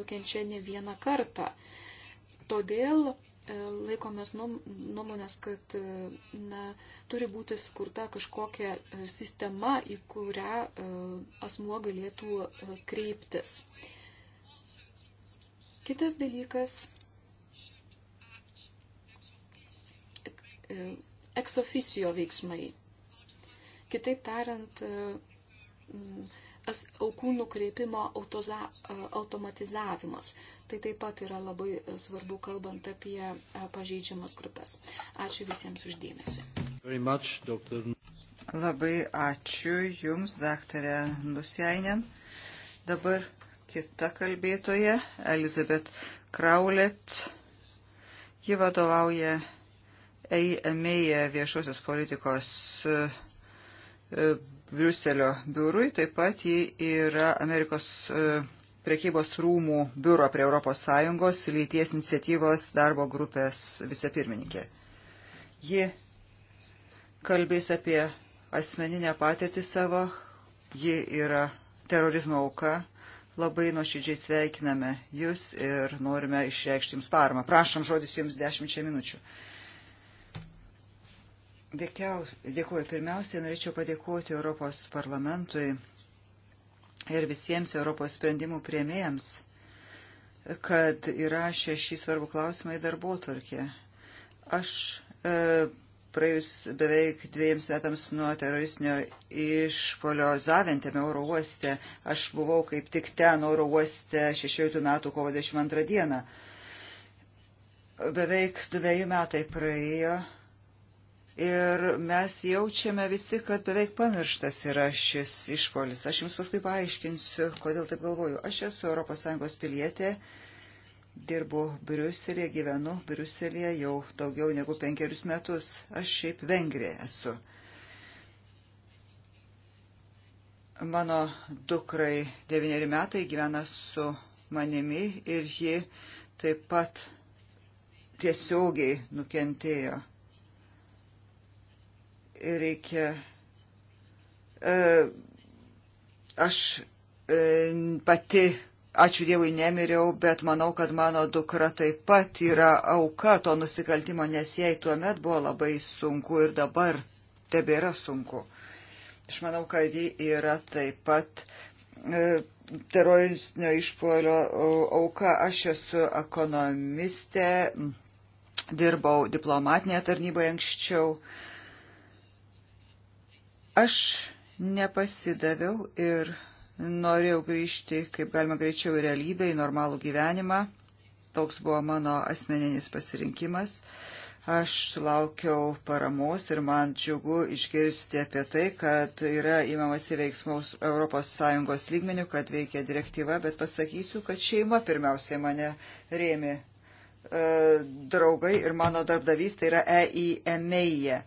nukenčia ne vieną kartą. Todėl E, laikomės nuomonės, kad e, na, turi būti sukurta kažkokia e, sistema, į kurią asmuo galėtų kreiptis. Kitas dalykas - eksoficijo veiksmai. Kitaip tariant, aukų nukreipimo autoza, e, automatizavimas. Tai taip pat yra labai e, svarbu, kalbant apie e, pažeidžiamas grupės. Ačiū visiems uždėmesi. Much, doctor. Labai ačiū Jums, daktarė Nusiainen. Dabar kita kalbėtoja, Elizabeth Kraulet. Ji vadovauja EIMEI viešosios politikos Briuselio biurui, taip pat ji yra Amerikos e, prekybos rūmų biuro prie ES lyties iniciatyvos darbo grupės vicepirmininkė. Ji kalbės apie asmeninę patirtį savo, ji yra terorizmo auka. Labai nuoširdžiai sveikiname Jūs ir norime išreikšti Jums paramą. Prašom žodis Jums dešimčia minučių. Uh, Dėkiau, dėkuoju. Pirmiausiai norėčiau padėkoti Europos parlamentui ir visiems Europos sprendimų prieimėjams, kad įrašė šį svarbų klausimą į darbo tvarkę. Aš e, praėjus beveik dviejams metams nuo teroristinio išpolio Zaventėme oro uoste, aš buvau kaip tik ten oro uoste 16 metų kovo 22 dieną. Beveik dviejų metai praėjo Ir mes jaučiame visi, kad beveik pamirštas yra šis išpolis. Aš jums paskui paaiškinsiu, kodėl taip galvoju. Aš esu ES pilietė, dirbu Briuselėje, gyvenu Briuselėje jau daugiau negu penkerius metus. Aš šiaip Vengrija esu. Mano dukrai devyneri metai gyvena su manimi ir ji taip pat tiesiogiai nukentėjo reikia. E, aš e, pati, ačiū Dievui, nemiriau, bet manau, kad mano dukra taip pat yra auka to nusikaltimo, nes jai tuo met buvo labai sunku ir dabar tebėra sunku. Aš manau, kad ji yra taip pat e, teroristinio išpolio auka. Aš esu ekonomistė, dirbau diplomatinėje tarnyboje anksčiau. E, Aš nepasidaviau ir norėjau grįžti kaip galima greičiau į realybę, į normalų gyvenimą. Toks buvo mano asmeninis pasirinkimas. Aš sulaukiau paramos ir man džiugu išgirsti apie tai, kad yra įmamasi veiksmaus ES lygmenių, kad veikia direktyva, bet pasakysiu, kad šeima pirmiausiai mane rėmė. E, draugai ir mano darbdavys tai yra EIMEIE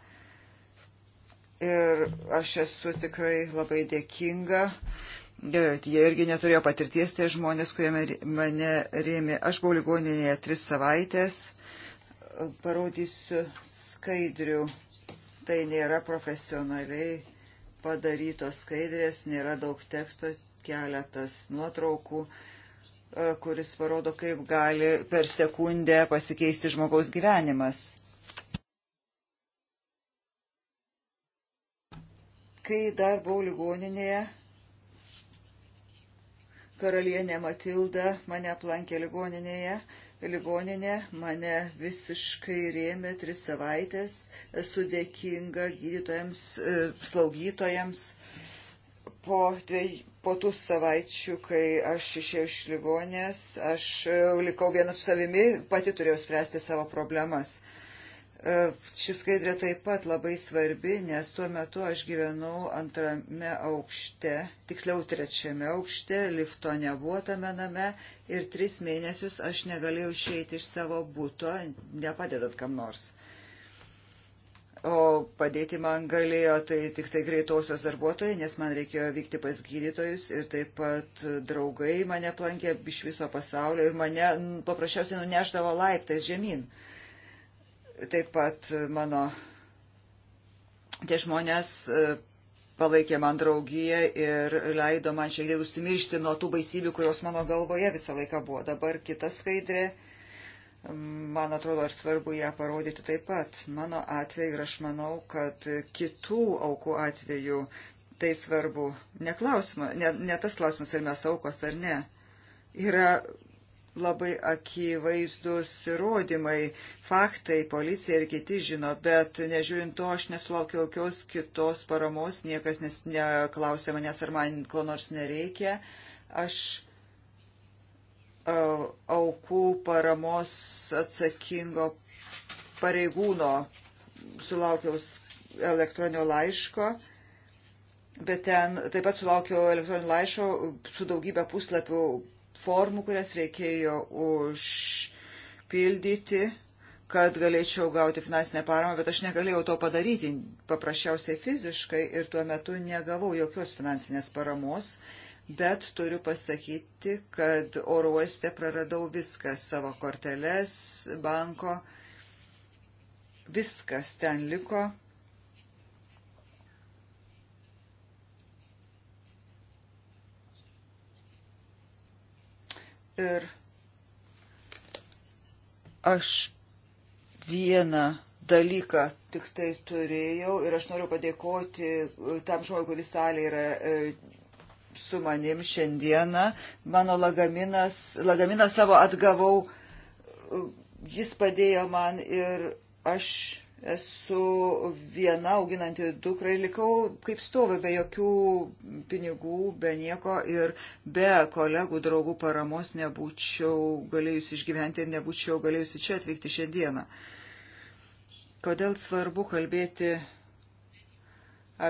ir aš esu tikrai labai dėkinga. E, jie irgi neturėjo patirties, tie žmonės, kurie mane rėmė. Aš buvau ligoninėje tris savaitės. Parodysiu skaidrių. Tai nėra profesionaliai padarytos skaidrės, nėra daug teksto, keletas nuotraukų e, kuris parodo, kaip gali per sekundę pasikeisti žmogaus gyvenimas. Kai dar buvau ligoninėje, karalienė Matilda mane aplankė ligoninėje. Ligoninė mane visiškai rėmė tris savaitės. Esu dėkinga gydytojams, e, slaugytojams. Po, dviej, po tų savaičių, kai aš išėjau iš ligonės, aš e, likau viena su savimi, pati turėjau spręsti savo problemas. E, ši skaidrė taip pat labai svarbi, nes tuo metu aš gyvenau antrame aukšte, tiksliau trečiame aukšte, lifto nebuvo tame name ir tris mėnesius aš negalėjau išeiti iš savo būto, nepadedat kam nors. O padėti man galėjo tai tik tai greitosios darbuotojai, nes man reikėjo vykti pas gydytojus ir taip pat draugai mane plankė iš viso pasaulio ir mane paprasčiausiai nuneždavo laiptais žemyn. Taip pat e, mano tie žmonės e, palaikė man draugiją ir leido man šiek tiek užsimiršti nuo tų baisybių, kurios mano galvoje visą laiką buvo. Dabar kita skaidrė, man atrodo, ar svarbu ją parodyti taip pat. Mano atveju ir aš manau, kad kitų aukų atveju tai svarbu. Ne, klausima, ne, ne tas klausimas, ar mes aukos ar ne. Yra labai akivaizdus įrodymai, faktai, policija ir kiti žino, bet nežiūrint to, aš nesulaukiu jokios kitos paramos, niekas nes, neklausė manęs, ar man ko nors nereikia. Aš aukų paramos atsakingo pareigūno sulaukiau elektroninio laiško. Bet ten taip pat sulaukiau elektroninio laiško su daugybė puslapių formų, kurias reikėjo užpildyti, kad galėčiau gauti finansinę paramą, bet aš negalėjau to padaryti paprasčiausiai fiziškai ir tuo metu negavau jokios finansinės paramos, bet turiu pasakyti, kad oro uoste praradau viską - savo korteles, banko, viskas ten liko Ir aš vieną dalyką tik tai turėjau ir aš noriu padėkoti e, tam žmogui, kuris salė yra e, su manim šiandieną. Mano lagaminas, lagaminą savo atgavau, e, jis padėjo man ir aš esu viena auginanti dukra ir likau kaip stovi be jokių pinigų, be nieko ir be kolegų, draugų paramos nebūčiau galėjusi išgyventi ir nebūčiau galėjusi čia atvykti šiandieną. Kodėl svarbu kalbėti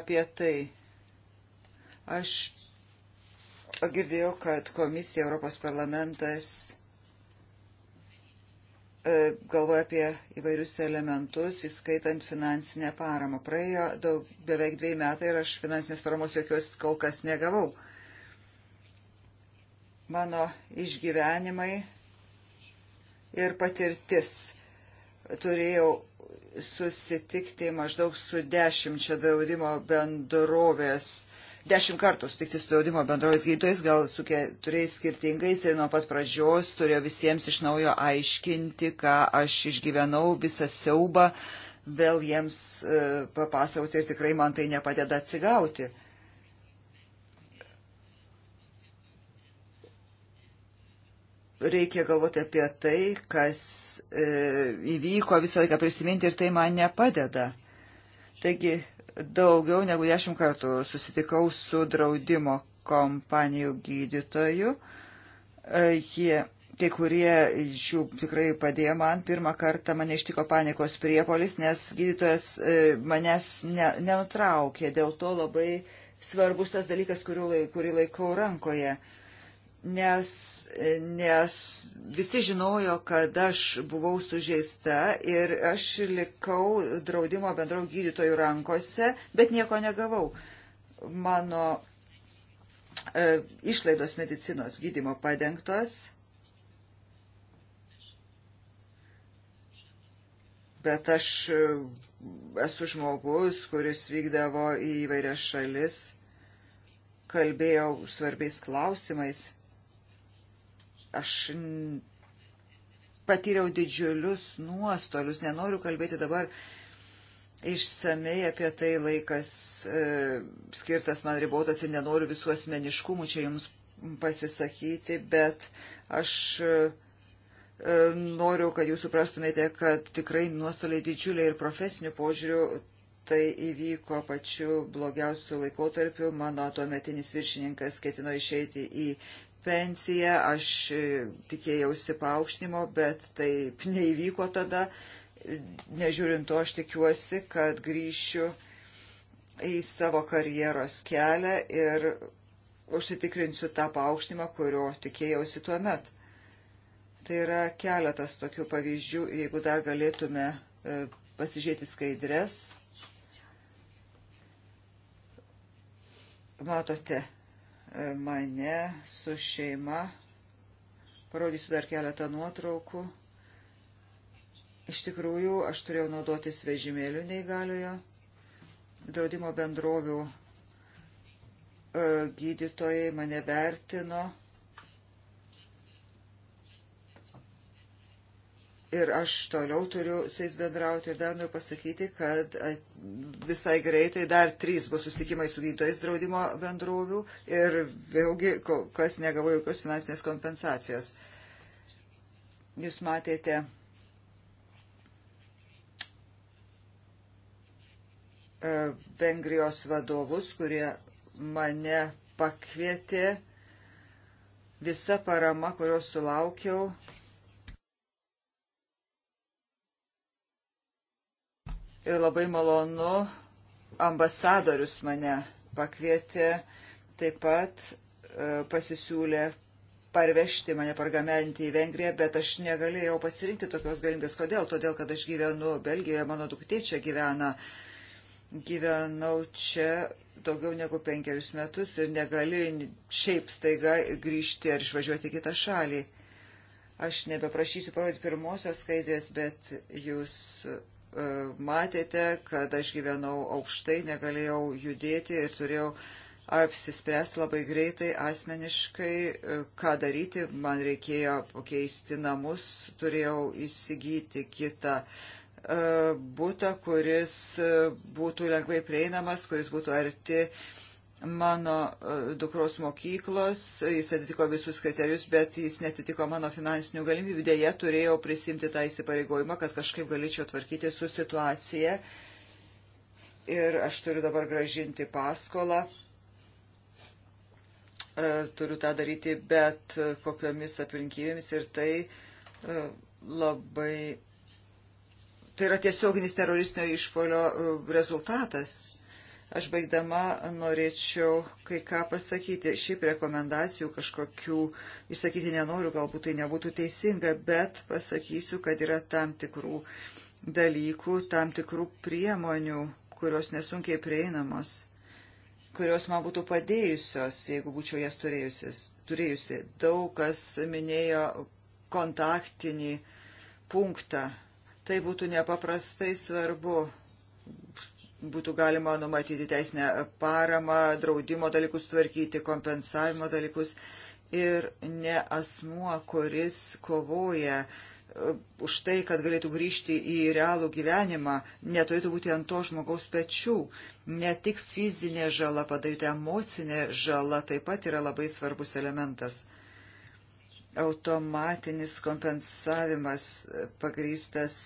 apie tai? Aš girdėjau, kad komisija, Europos parlamentas E, galvoja apie įvairius elementus, įskaitant finansinę paramą. Praėjo daug, beveik dviejai metai ir aš finansinės paramos jokios kol kas negavau. Mano išgyvenimai ir patirtis. Turėjau susitikti maždaug su dešimčia draudimo bendrovės dešimt kartų sutikti su draudimo bendrovės gydytojais, gal su keturiais skirtingais ir nuo pat pradžios turėjo visiems iš naujo aiškinti, ką aš išgyvenau, visą siaubą, vėl jiems e, papasauti ir tikrai man tai nepadeda atsigauti. reikia galvoti apie tai, kas e, įvyko visą laiką prisiminti ir tai man nepadeda. Taigi daugiau negu dešimt kartų susitikau su draudimo kompanijų gydytoju. E, jie, kai kurie iš jų tikrai padėjo man. Pirmą kartą mane ištiko panikos priepolis, nes gydytojas e, manęs ne, nenutraukė. Dėl to labai svarbus tas dalykas, kurį laikau rankoje nes, nes visi žinojo, kad aš buvau sužeista ir aš likau draudimo bendrau gydytojų rankose, bet nieko negavau. Mano e, išlaidos medicinos gydymo padengtos, bet aš e, esu žmogus, kuris vykdavo į įvairias šalis, kalbėjau svarbiais klausimais aš patyriau didžiulius nuostolius, nenoriu kalbėti dabar išsamei apie tai laikas e, skirtas man ribotas ir nenoriu visų asmeniškumų čia jums pasisakyti, bet aš e, e noriu, kad jūs suprastumėte, kad tikrai nuostoliai didžiuliai ir profesinių požiūrių tai įvyko pačiu blogiausiu laikotarpiu. Mano tuometinis viršininkas ketino išeiti į pensiją, aš e, tikėjausi paaukštinimo, bet taip neįvyko tada. Nežiūrint to, aš tikiuosi, kad grįšiu į savo karjeros kelią ir užsitikrinsiu tą paaukštinimą, kurio tikėjausi tuo met. Tai yra keletas tokių pavyzdžių, jeigu dar galėtume e, pasižiūrėti skaidres. Matote, mane su šeima. Parodysiu dar keletą nuotraukų. Iš tikrųjų, aš turėjau naudotis vežimėliu neįgaliojo. Draudimo bendrovių e, gydytojai mane vertino ir aš toliau turiu su jais bendrauti ir dar noriu pasakyti, kad visai greitai dar trys bus susitikimai su gydytojais draudimo bendrovių ir vėlgi kol kas negavo jokios finansinės kompensacijos. Jūs matėte. Vengrijos vadovus, kurie mane pakvietė, visa parama, kurios sulaukiau, ir labai malonu ambasadorius mane pakvietė, taip pat e, pasisiūlė parvežti mane, pargamenti į Vengriją, bet aš negalėjau pasirinkti tokios galimybės. Kodėl? Todėl, kad aš gyvenu Belgijoje, mano duktė čia gyvena. Gyvenau čia daugiau negu penkerius metus ir negali šiaip staiga grįžti ar išvažiuoti į kitą šalį. Aš nebeprašysiu parodyti pirmosios skaidrės, bet jūs E, matėte, kad aš gyvenau aukštai, negalėjau judėti ir turėjau apsispręsti labai greitai asmeniškai, e, ką daryti. Man reikėjo pakeisti namus, turėjau įsigyti kitą e, būtą, kuris būtų lengvai prieinamas, kuris būtų arti uh, mano e, dukros mokyklos, jis atitiko visus kriterijus, bet jis netitiko mano finansinių galimybių. Dėja, turėjau prisimti tą įsipareigojimą, kad kažkaip galėčiau tvarkyti su situacija. Ir aš turiu dabar gražinti paskolą. E, turiu tą daryti, bet kokiomis aplinkybėmis ir tai e, labai. Tai yra tiesioginis teroristinio išpolio rezultatas Aš baigdama norėčiau kai ką pasakyti. Šiaip rekomendacijų kažkokių išsakyti nenoriu, galbūt tai nebūtų teisinga, bet pasakysiu, kad yra tam tikrų dalykų, tam tikrų priemonių, kurios nesunkiai prieinamos, kurios man būtų padėjusios, jeigu būčiau jas turėjusis. turėjusi. Daug kas minėjo kontaktinį punktą. Tai būtų nepaprastai svarbu būtų galima numatyti teisinę paramą, draudimo dalykus tvarkyti, kompensavimo dalykus ir ne asmuo, kuris kovoja e, už tai, kad galėtų grįžti į realų gyvenimą, neturėtų būti ant to žmogaus pečių. Ne tik fizinė žala padaryta, emocinė žala taip pat yra labai svarbus elementas. Automatinis kompensavimas e, pagrystas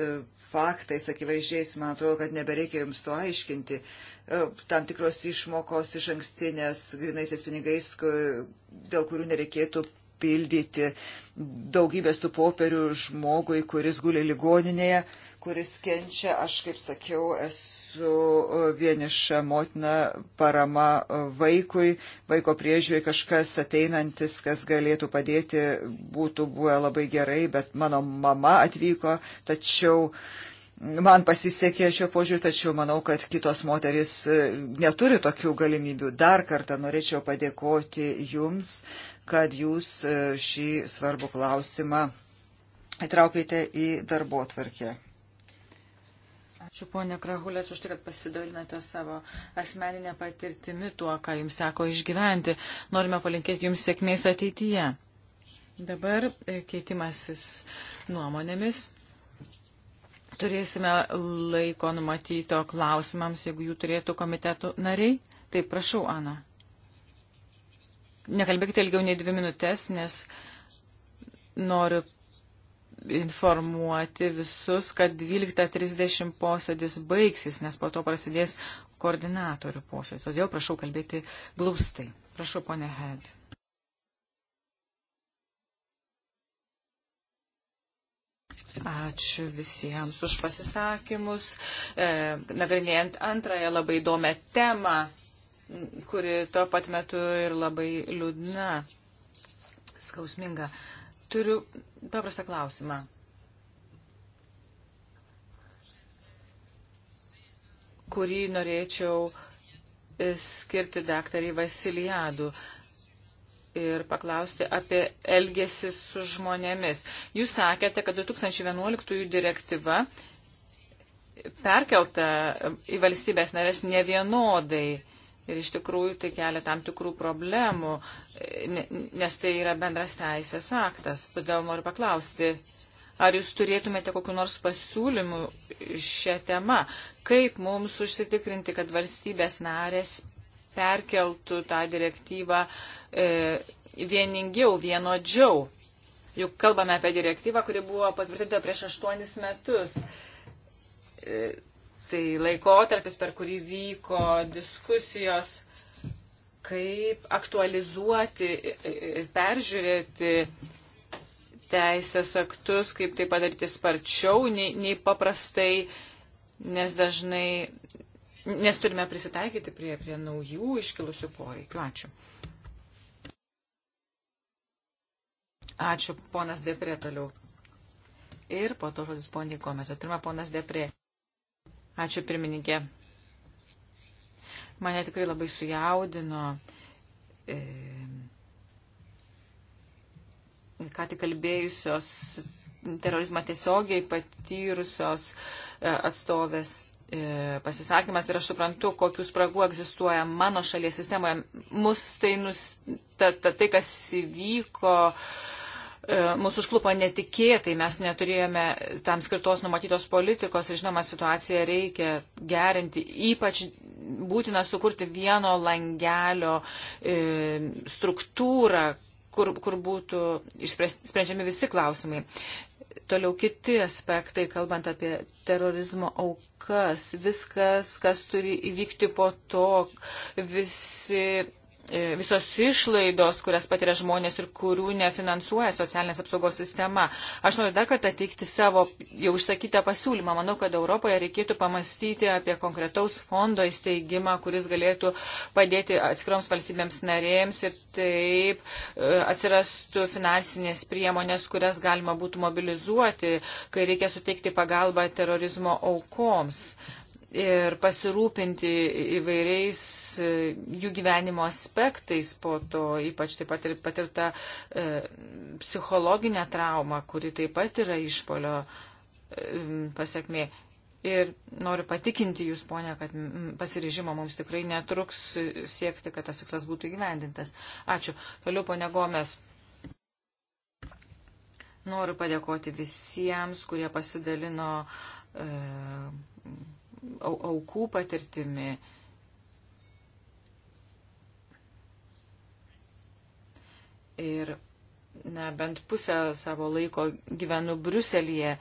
E, faktais akivaizdžiais, man atrodo, kad nebereikia jums to aiškinti. E, tam tikros išmokos iš ankstinės grinaisiais pinigais, dėl kurių nereikėtų pildyti daugybės tų popierių žmogui, kuris guli ligoninėje, kuris kenčia. Aš, kaip sakiau, esu su e, vieniša motina, parama e, vaikui, vaiko priežiūrai kažkas ateinantis, kas galėtų padėti, būtų buvę labai gerai, bet mano mama atvyko, tačiau man pasisekė šio požiūrį, tačiau manau, kad kitos moteris e, neturi tokių galimybių. Dar kartą norėčiau padėkoti Jums, kad Jūs šį svarbų klausimą įtraukite į darbo tvarkę. Ačiū ponė Krahulės už tai, kad pasidalinote savo asmeninę patirtimi tuo, ką jums teko išgyventi. Norime palinkėti jums sėkmės ateityje. Dabar e, keitimasis nuomonėmis. Turėsime laiko numatyto klausimams, jeigu jų turėtų komitetų nariai. Taip, prašau, Ana. Nekalbėkite ilgiau nei dvi minutės, nes noriu informuoti visus, kad 12.30 posėdis baigsis, nes po to prasidės koordinatorių posėdis. Todėl prašau kalbėti glaustai. Prašau, ponė Hed. Ačiū visiems už pasisakymus, e, nagrinėjant antrąją labai įdomią temą, kuri tuo pat metu ir labai liūdna, skausminga. E, Turiu paprastą klausimą. kurį norėčiau skirti daktarį Vasilijadų ir paklausti apie elgesį su žmonėmis. Jūs sakėte, kad 2011 direktyva perkelta į valstybės narės nevienodai. Ir iš tikrųjų tai kelia tam tikrų problemų, nes tai yra bendras teisės aktas. Todėl noriu paklausti, ar jūs turėtumėte kokiu nors pasiūlymu šią temą, kaip mums užsitikrinti, kad valstybės narės perkeltų tą direktyvą e, vieningiau, vienodžiau. Juk kalbame apie direktyvą, kuri buvo patvirtinta prieš aštuonis metus. E, Tai laikotarpis, per kurį vyko diskusijos, kaip aktualizuoti ir peržiūrėti teisės aktus, kaip tai padaryti sparčiau nei, nei paprastai, nes dažnai, nes turime prisitaikyti prie, prie naujų iškilusių poreikių. Ačiū. Ačiū, ponas Deprė toliau. Ir po to žodis poniai Komės. Pirma, ponas Deprė. Ačiū pirmininkė. Mane tikrai labai sujaudino. E, ką tik kalbėjusios terorizmą tiesiogiai patyrusios e, atstovės e, pasisakymas ir aš suprantu, kokius spragų egzistuoja mano šalies sistemoje. Mus tai, nus, ta, ta, tai kas įvyko, uh, E, mūsų užklupo netikėtai, mes neturėjome tam skirtos numatytos politikos ir žinoma situaciją reikia gerinti, ypač būtina sukurti vieno langelio e, struktūrą, kur, kur būtų sprendžiami visi klausimai. Toliau kiti aspektai, kalbant apie terorizmo aukas, viskas, kas turi įvykti po to, visi E, visos išlaidos, kurias patiria žmonės ir kurių nefinansuoja socialinės apsaugos sistema. Aš noriu dar kartą teikti savo jau išsakytą pasiūlymą. Manau, kad Europoje reikėtų pamastyti apie konkretaus fondo įsteigimą, kuris galėtų padėti atskiroms valstybėms narėms ir taip e, atsirastų finansinės priemonės, kurias galima būtų mobilizuoti, kai reikia suteikti pagalbą terorizmo aukoms ir pasirūpinti įvairiais e, jų gyvenimo aspektais po to, ypač taip pat ir patirta e, psichologinė trauma, kuri taip pat yra išpolio e, pasiekmė. Ir noriu patikinti Jūs, ponia, kad pasirežimo mums tikrai netruks siekti, kad tas tikslas būtų įgyvendintas. Ačiū. Toliau, ponia Gomes. Noriu padėkoti visiems, kurie pasidalino. E, aukų patirtimi. Ir na, bent pusę savo laiko gyvenu Bruselėje.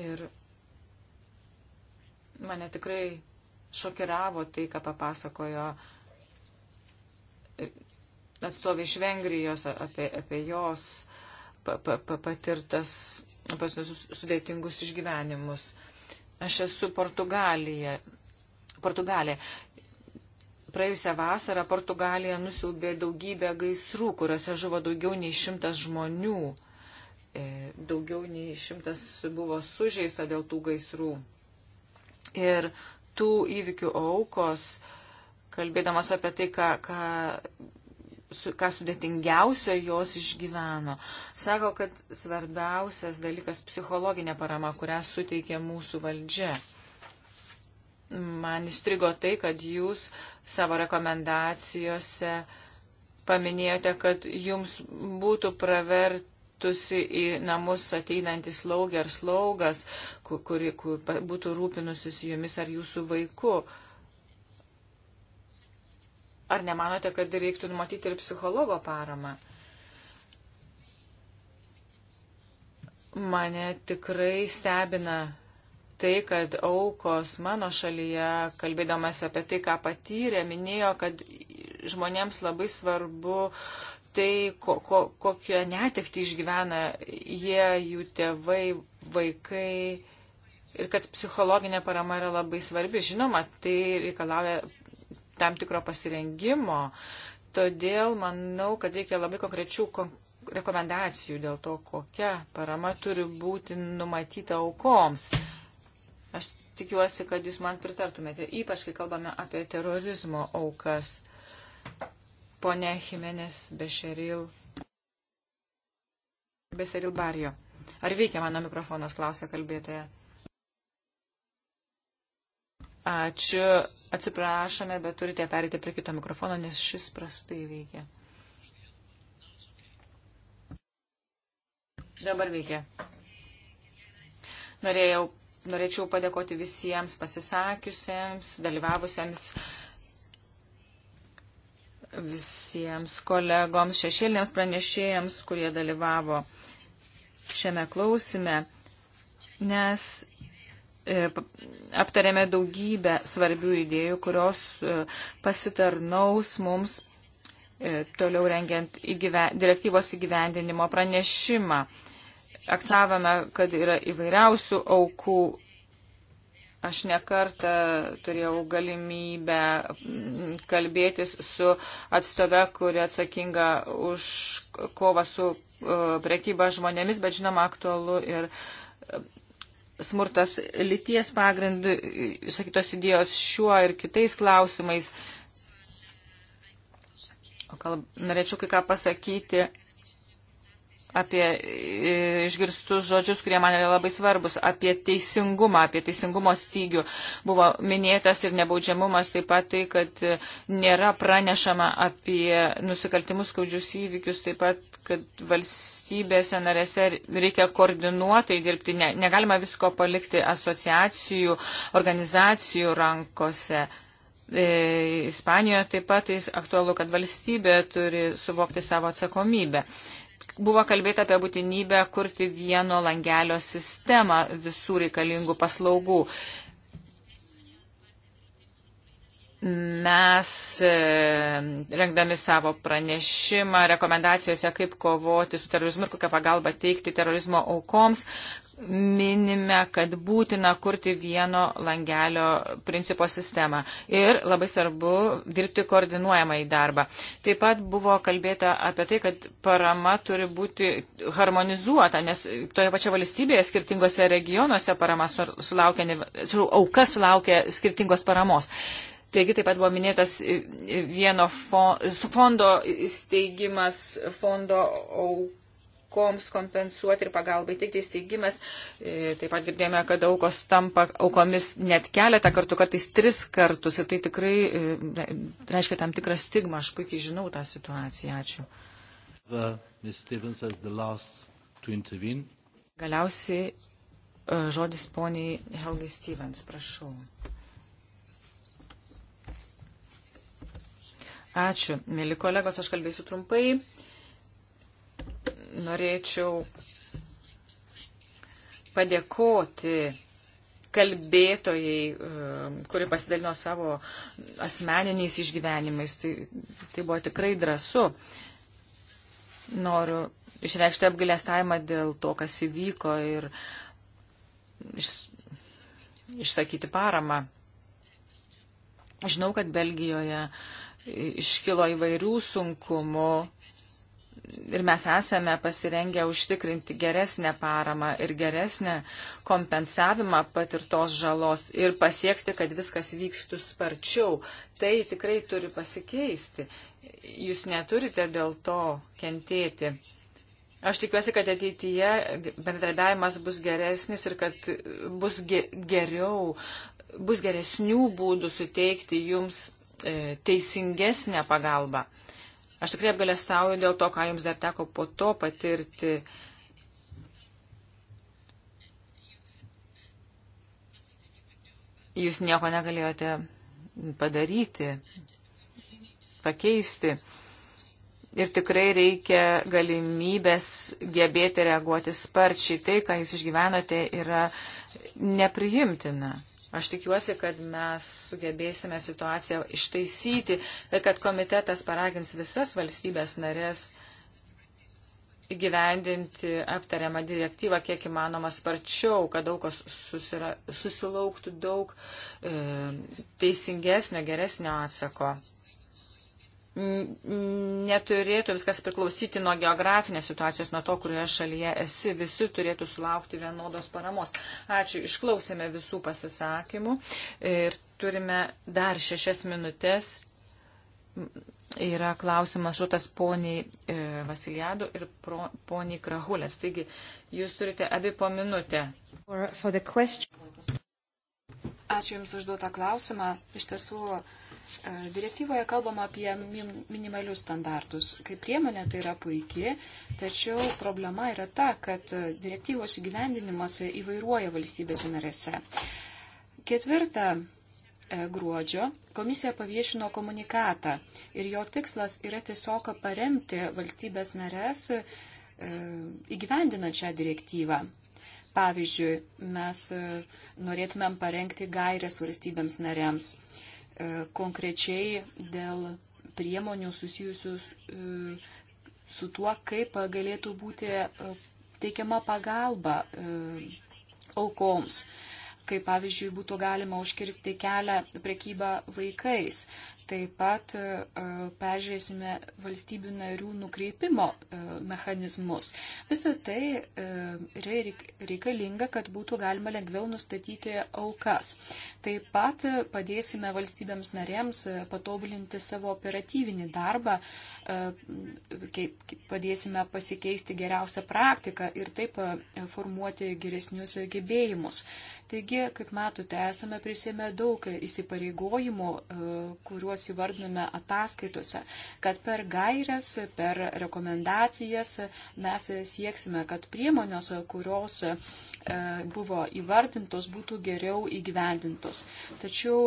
Ir mane tikrai šokiravo tai, ką papasakojo atstovė iš Vengrijos apie, apie jos patirtas pasius sudėtingus išgyvenimus. Aš esu Portugalija. Portugalė. Praėjusią vasarą Portugalija nusiaubė daugybę gaisrų, kuriuose žuvo daugiau nei šimtas žmonių. E, daugiau nei šimtas buvo sužeista dėl tų gaisrų. Ir tų įvykių aukos, kalbėdamas apie tai, ką, ką su, ką sudėtingiausio jos išgyveno. Sako, kad svarbiausias dalykas psichologinė parama, kurią suteikė mūsų valdžia. Man įstrigo tai, kad jūs savo rekomendacijose paminėjote, kad jums būtų pravertusi į namus ateinantis slaugė ar slaugas, kuri kur, kur būtų rūpinusis jumis ar jūsų vaiku. Uh, Ar nemanote, kad reiktų numatyti ir psichologo paramą? Mane tikrai stebina tai, kad aukos mano šalyje, kalbėdamas apie tai, ką patyrė, minėjo, kad žmonėms labai svarbu tai, ko, ko, kokią netikti išgyvena jie, jų tėvai, vaikai. Ir kad psichologinė parama yra labai svarbi. Žinoma, tai reikalauja tam tikro pasirengimo. Todėl manau, kad reikia labai konkrečių rekomendacijų dėl to, kokia parama turi būti numatyta aukoms. Aš tikiuosi, kad jūs man pritartumėte, ypač kai kalbame apie terorizmo aukas. Pone Jimenez Bešeril. Beseril Barijo. Ar veikia mano mikrofonas, klausia kalbėtoja. Ačiū. Atsiprašome, bet turite perėti prie kito mikrofono, nes šis prastai veikia. Dabar veikia. Norėjau, norėčiau padėkoti visiems pasisakiusiems, dalyvavusiems visiems kolegoms, šešėlėms pranešėjams, kurie dalyvavo šiame klausime, nes E, aptarėme daugybę svarbių idėjų, kurios e, pasitarnaus mums e, toliau rengiant įgyven, direktyvos įgyvendinimo pranešimą. Akcavome, kad yra įvairiausių aukų. Aš nekartą turėjau galimybę kalbėtis su atstove, kuri atsakinga už kovą su prekyba žmonėmis, bet žinoma aktualu ir smurtas lyties pagrindų, išsakytos idėjos šiuo ir kitais klausimais. O kalb, norėčiau kai ką pasakyti apie e, išgirstus žodžius, kurie man yra labai svarbus, apie teisingumą, apie teisingumo stygių. Buvo minėtas ir nebaudžiamumas, taip pat tai, kad e, nėra pranešama apie nusikaltimus skaudžius įvykius, taip pat, kad valstybėse narėse reikia koordinuotai dirbti, ne, negalima visko palikti asociacijų, organizacijų rankose. E, Ispanijoje taip pat tai aktualu, kad valstybė turi suvokti savo atsakomybę buvo kalbėta apie būtinybę kurti vieno langelio sistemą visų reikalingų paslaugų. Mes, e, rengdami savo pranešimą, rekomendacijose, kaip kovoti su terorizmu ir kokią pagalbą teikti terorizmo aukoms, minime, kad būtina kurti vieno langelio principo sistemą ir labai svarbu dirbti koordinuojamą į darbą. Taip pat buvo kalbėta apie tai, kad parama turi būti harmonizuota, nes toje pačioje valstybėje skirtingose regionuose parama sulaukia, auka sulaukia skirtingos paramos. Taigi taip pat buvo minėtas vieno fondo, fondo įsteigimas, fondo auka aukoms kompensuoti ir pagalbai teikti įsteigimas. E, taip pat girdėjome, kad aukos tampa aukomis net keletą kartų, kartais tris kartus. Ir tai tikrai e, reiškia tam tikrą stigmą. Aš puikiai žinau tą situaciją. Ačiū. Galiausiai e, žodis poniai Helgai Stevens, prašau. Ačiū, mėly kolegos, aš kalbėsiu trumpai norėčiau padėkoti kalbėtojai, um, kuri pasidalino savo asmeniniais išgyvenimais. Tai, tai buvo tikrai drąsu. Noriu išreikšti apgailestavimą dėl to, kas įvyko ir iš, išsakyti paramą. Žinau, kad Belgijoje iškilo įvairių sunkumų ir mes esame pasirengę užtikrinti geresnę paramą ir geresnę kompensavimą patirtos žalos ir pasiekti, kad viskas vyktų sparčiau. Tai tikrai turi pasikeisti. Jūs neturite dėl to kentėti. Aš tikiuosi, kad ateityje bendradarbiavimas bus geresnis ir kad bus ge geriau, bus geresnių būdų suteikti jums e, teisingesnę pagalbą. Aš tikrai apgalėstauju dėl to, ką jums dar teko po to patirti. Jūs nieko negalėjote padaryti, pakeisti. Ir tikrai reikia galimybės gebėti reaguoti sparčiai. Tai, ką jūs išgyvenote, yra nepriimtina. Aš tikiuosi, kad mes sugebėsime situaciją ištaisyti ir kad komitetas paragins visas valstybės narės įgyvendinti aptariamą direktyvą kiek įmanoma sparčiau, kad daug kas susira, susilauktų daug e, teisingesnio, geresnio atsako neturėtų viskas priklausyti nuo geografinės situacijos, nuo to, kurioje šalyje esi. Visi turėtų sulaukti vienodos paramos. Ačiū, išklausėme visų pasisakymų ir turime dar šešias minutės. Yra klausimas žutas poniai e, Vasiliado ir pro, poniai Krahulės. Taigi, jūs turite abi po minutę. For, for Ačiū Jums užduotą klausimą. Iš tiesų, uh, E, direktyvoje kalbama apie minimalius standartus. Kaip priemonė tai yra puikiai, tačiau problema yra ta, kad e, direktyvos įgyvendinimas įvairuoja valstybėse narėse. Ketvirta e, gruodžio komisija paviešino komunikatą ir jo tikslas yra tiesiog paremti valstybės narės įgyvendinant šią direktyvą. Pavyzdžiui, mes norėtumėm parengti gairias valstybėms narėms E, konkrečiai dėl priemonių susijusių e, su tuo, kaip galėtų būti e, teikiama pagalba aukoms kaip pavyzdžiui būtų galima užkirsti kelią prekybą vaikais, Taip pat e, peržiūrėsime valstybių narių nukreipimo e, mechanizmus. Visą tai e, yra reikalinga, kad būtų galima lengviau nustatyti aukas. Taip pat padėsime valstybėms narėms patobulinti savo operatyvinį darbą, padėsime pasikeisti geriausią praktiką ir taip formuoti geresnius gebėjimus. Taigi, kaip matote, esame prisėmę daug įsipareigojimų, kuriuos kuriuos įvardiname ataskaitose, kad per gairias, per rekomendacijas mes sieksime, kad priemonės, kurios e, buvo įvardintos, būtų geriau įgyvendintos. Tačiau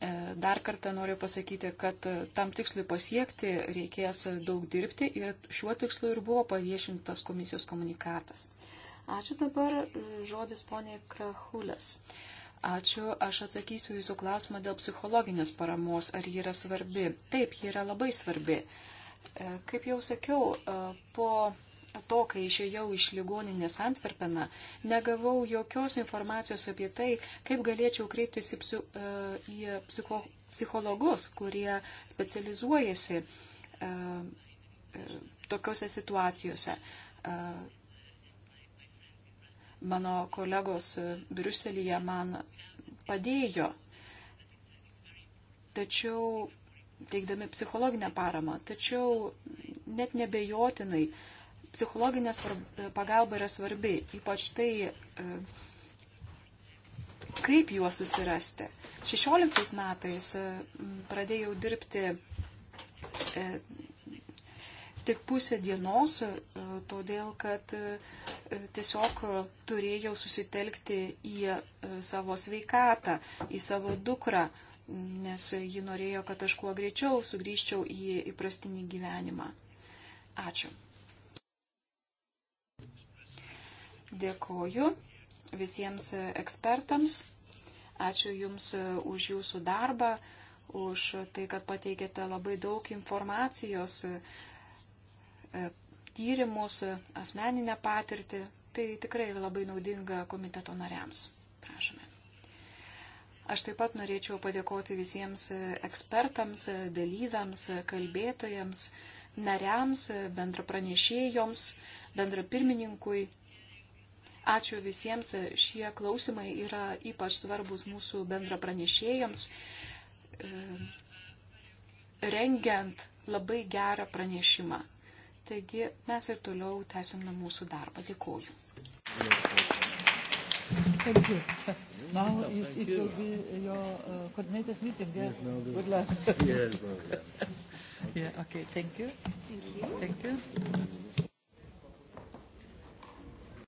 e, Dar kartą noriu pasakyti, kad tam tikslui pasiekti reikės daug dirbti ir šiuo tikslu ir buvo paviešintas komisijos komunikatas. Ačiū dabar e, žodis poniai Krahulės. Uh, Ačiū, aš atsakysiu jūsų klausimą dėl psichologinės paramos, ar ji yra svarbi. Taip, ji yra labai svarbi. E, kaip jau sakiau, e, po to, kai išėjau iš ligoninės Antverpeną, negavau jokios informacijos apie tai, kaip galėčiau kreiptis į, psi, e, į psicho, psichologus, kurie specializuojasi tokiuose situacijose mano kolegos Briuselyje man padėjo. Tačiau teikdami psichologinę paramą. Tačiau net nebejotinai psichologinė pagalba yra svarbi, ypač tai, e, kaip juos susirasti. 16 metais pradėjau dirbti e, tik pusę dienos, e, todėl kad e, tiesiog turėjau susitelkti į e, savo sveikatą, į savo dukrą, nes ji norėjo, kad aš kuo greičiau sugrįžčiau į įprastinį gyvenimą. Ačiū. Dėkoju visiems ekspertams. Ačiū Jums už Jūsų darbą, už tai, kad pateikėte labai daug informacijos E, tyrimus, asmeninę patirtį. Tai tikrai yra labai naudinga komiteto nariams. Prašome. Aš taip pat norėčiau padėkoti visiems ekspertams, dalyviams, kalbėtojams, nariams, bendra pranešėjoms, bendra pirmininkui. Ačiū visiems, šie klausimai yra ypač svarbus mūsų bendra pranešėjams, e, rengiant labai gerą pranešimą. Taigi mes ir toliau tęsim nuo mūsų darbą. Dėkuoju. Thank you. Now no, it, it you. will be your uh, coordinators meeting. Yeah. Yes, no, Good luck. yes, well, yeah. yeah. Okay. Thank you. Thank you. Thank you.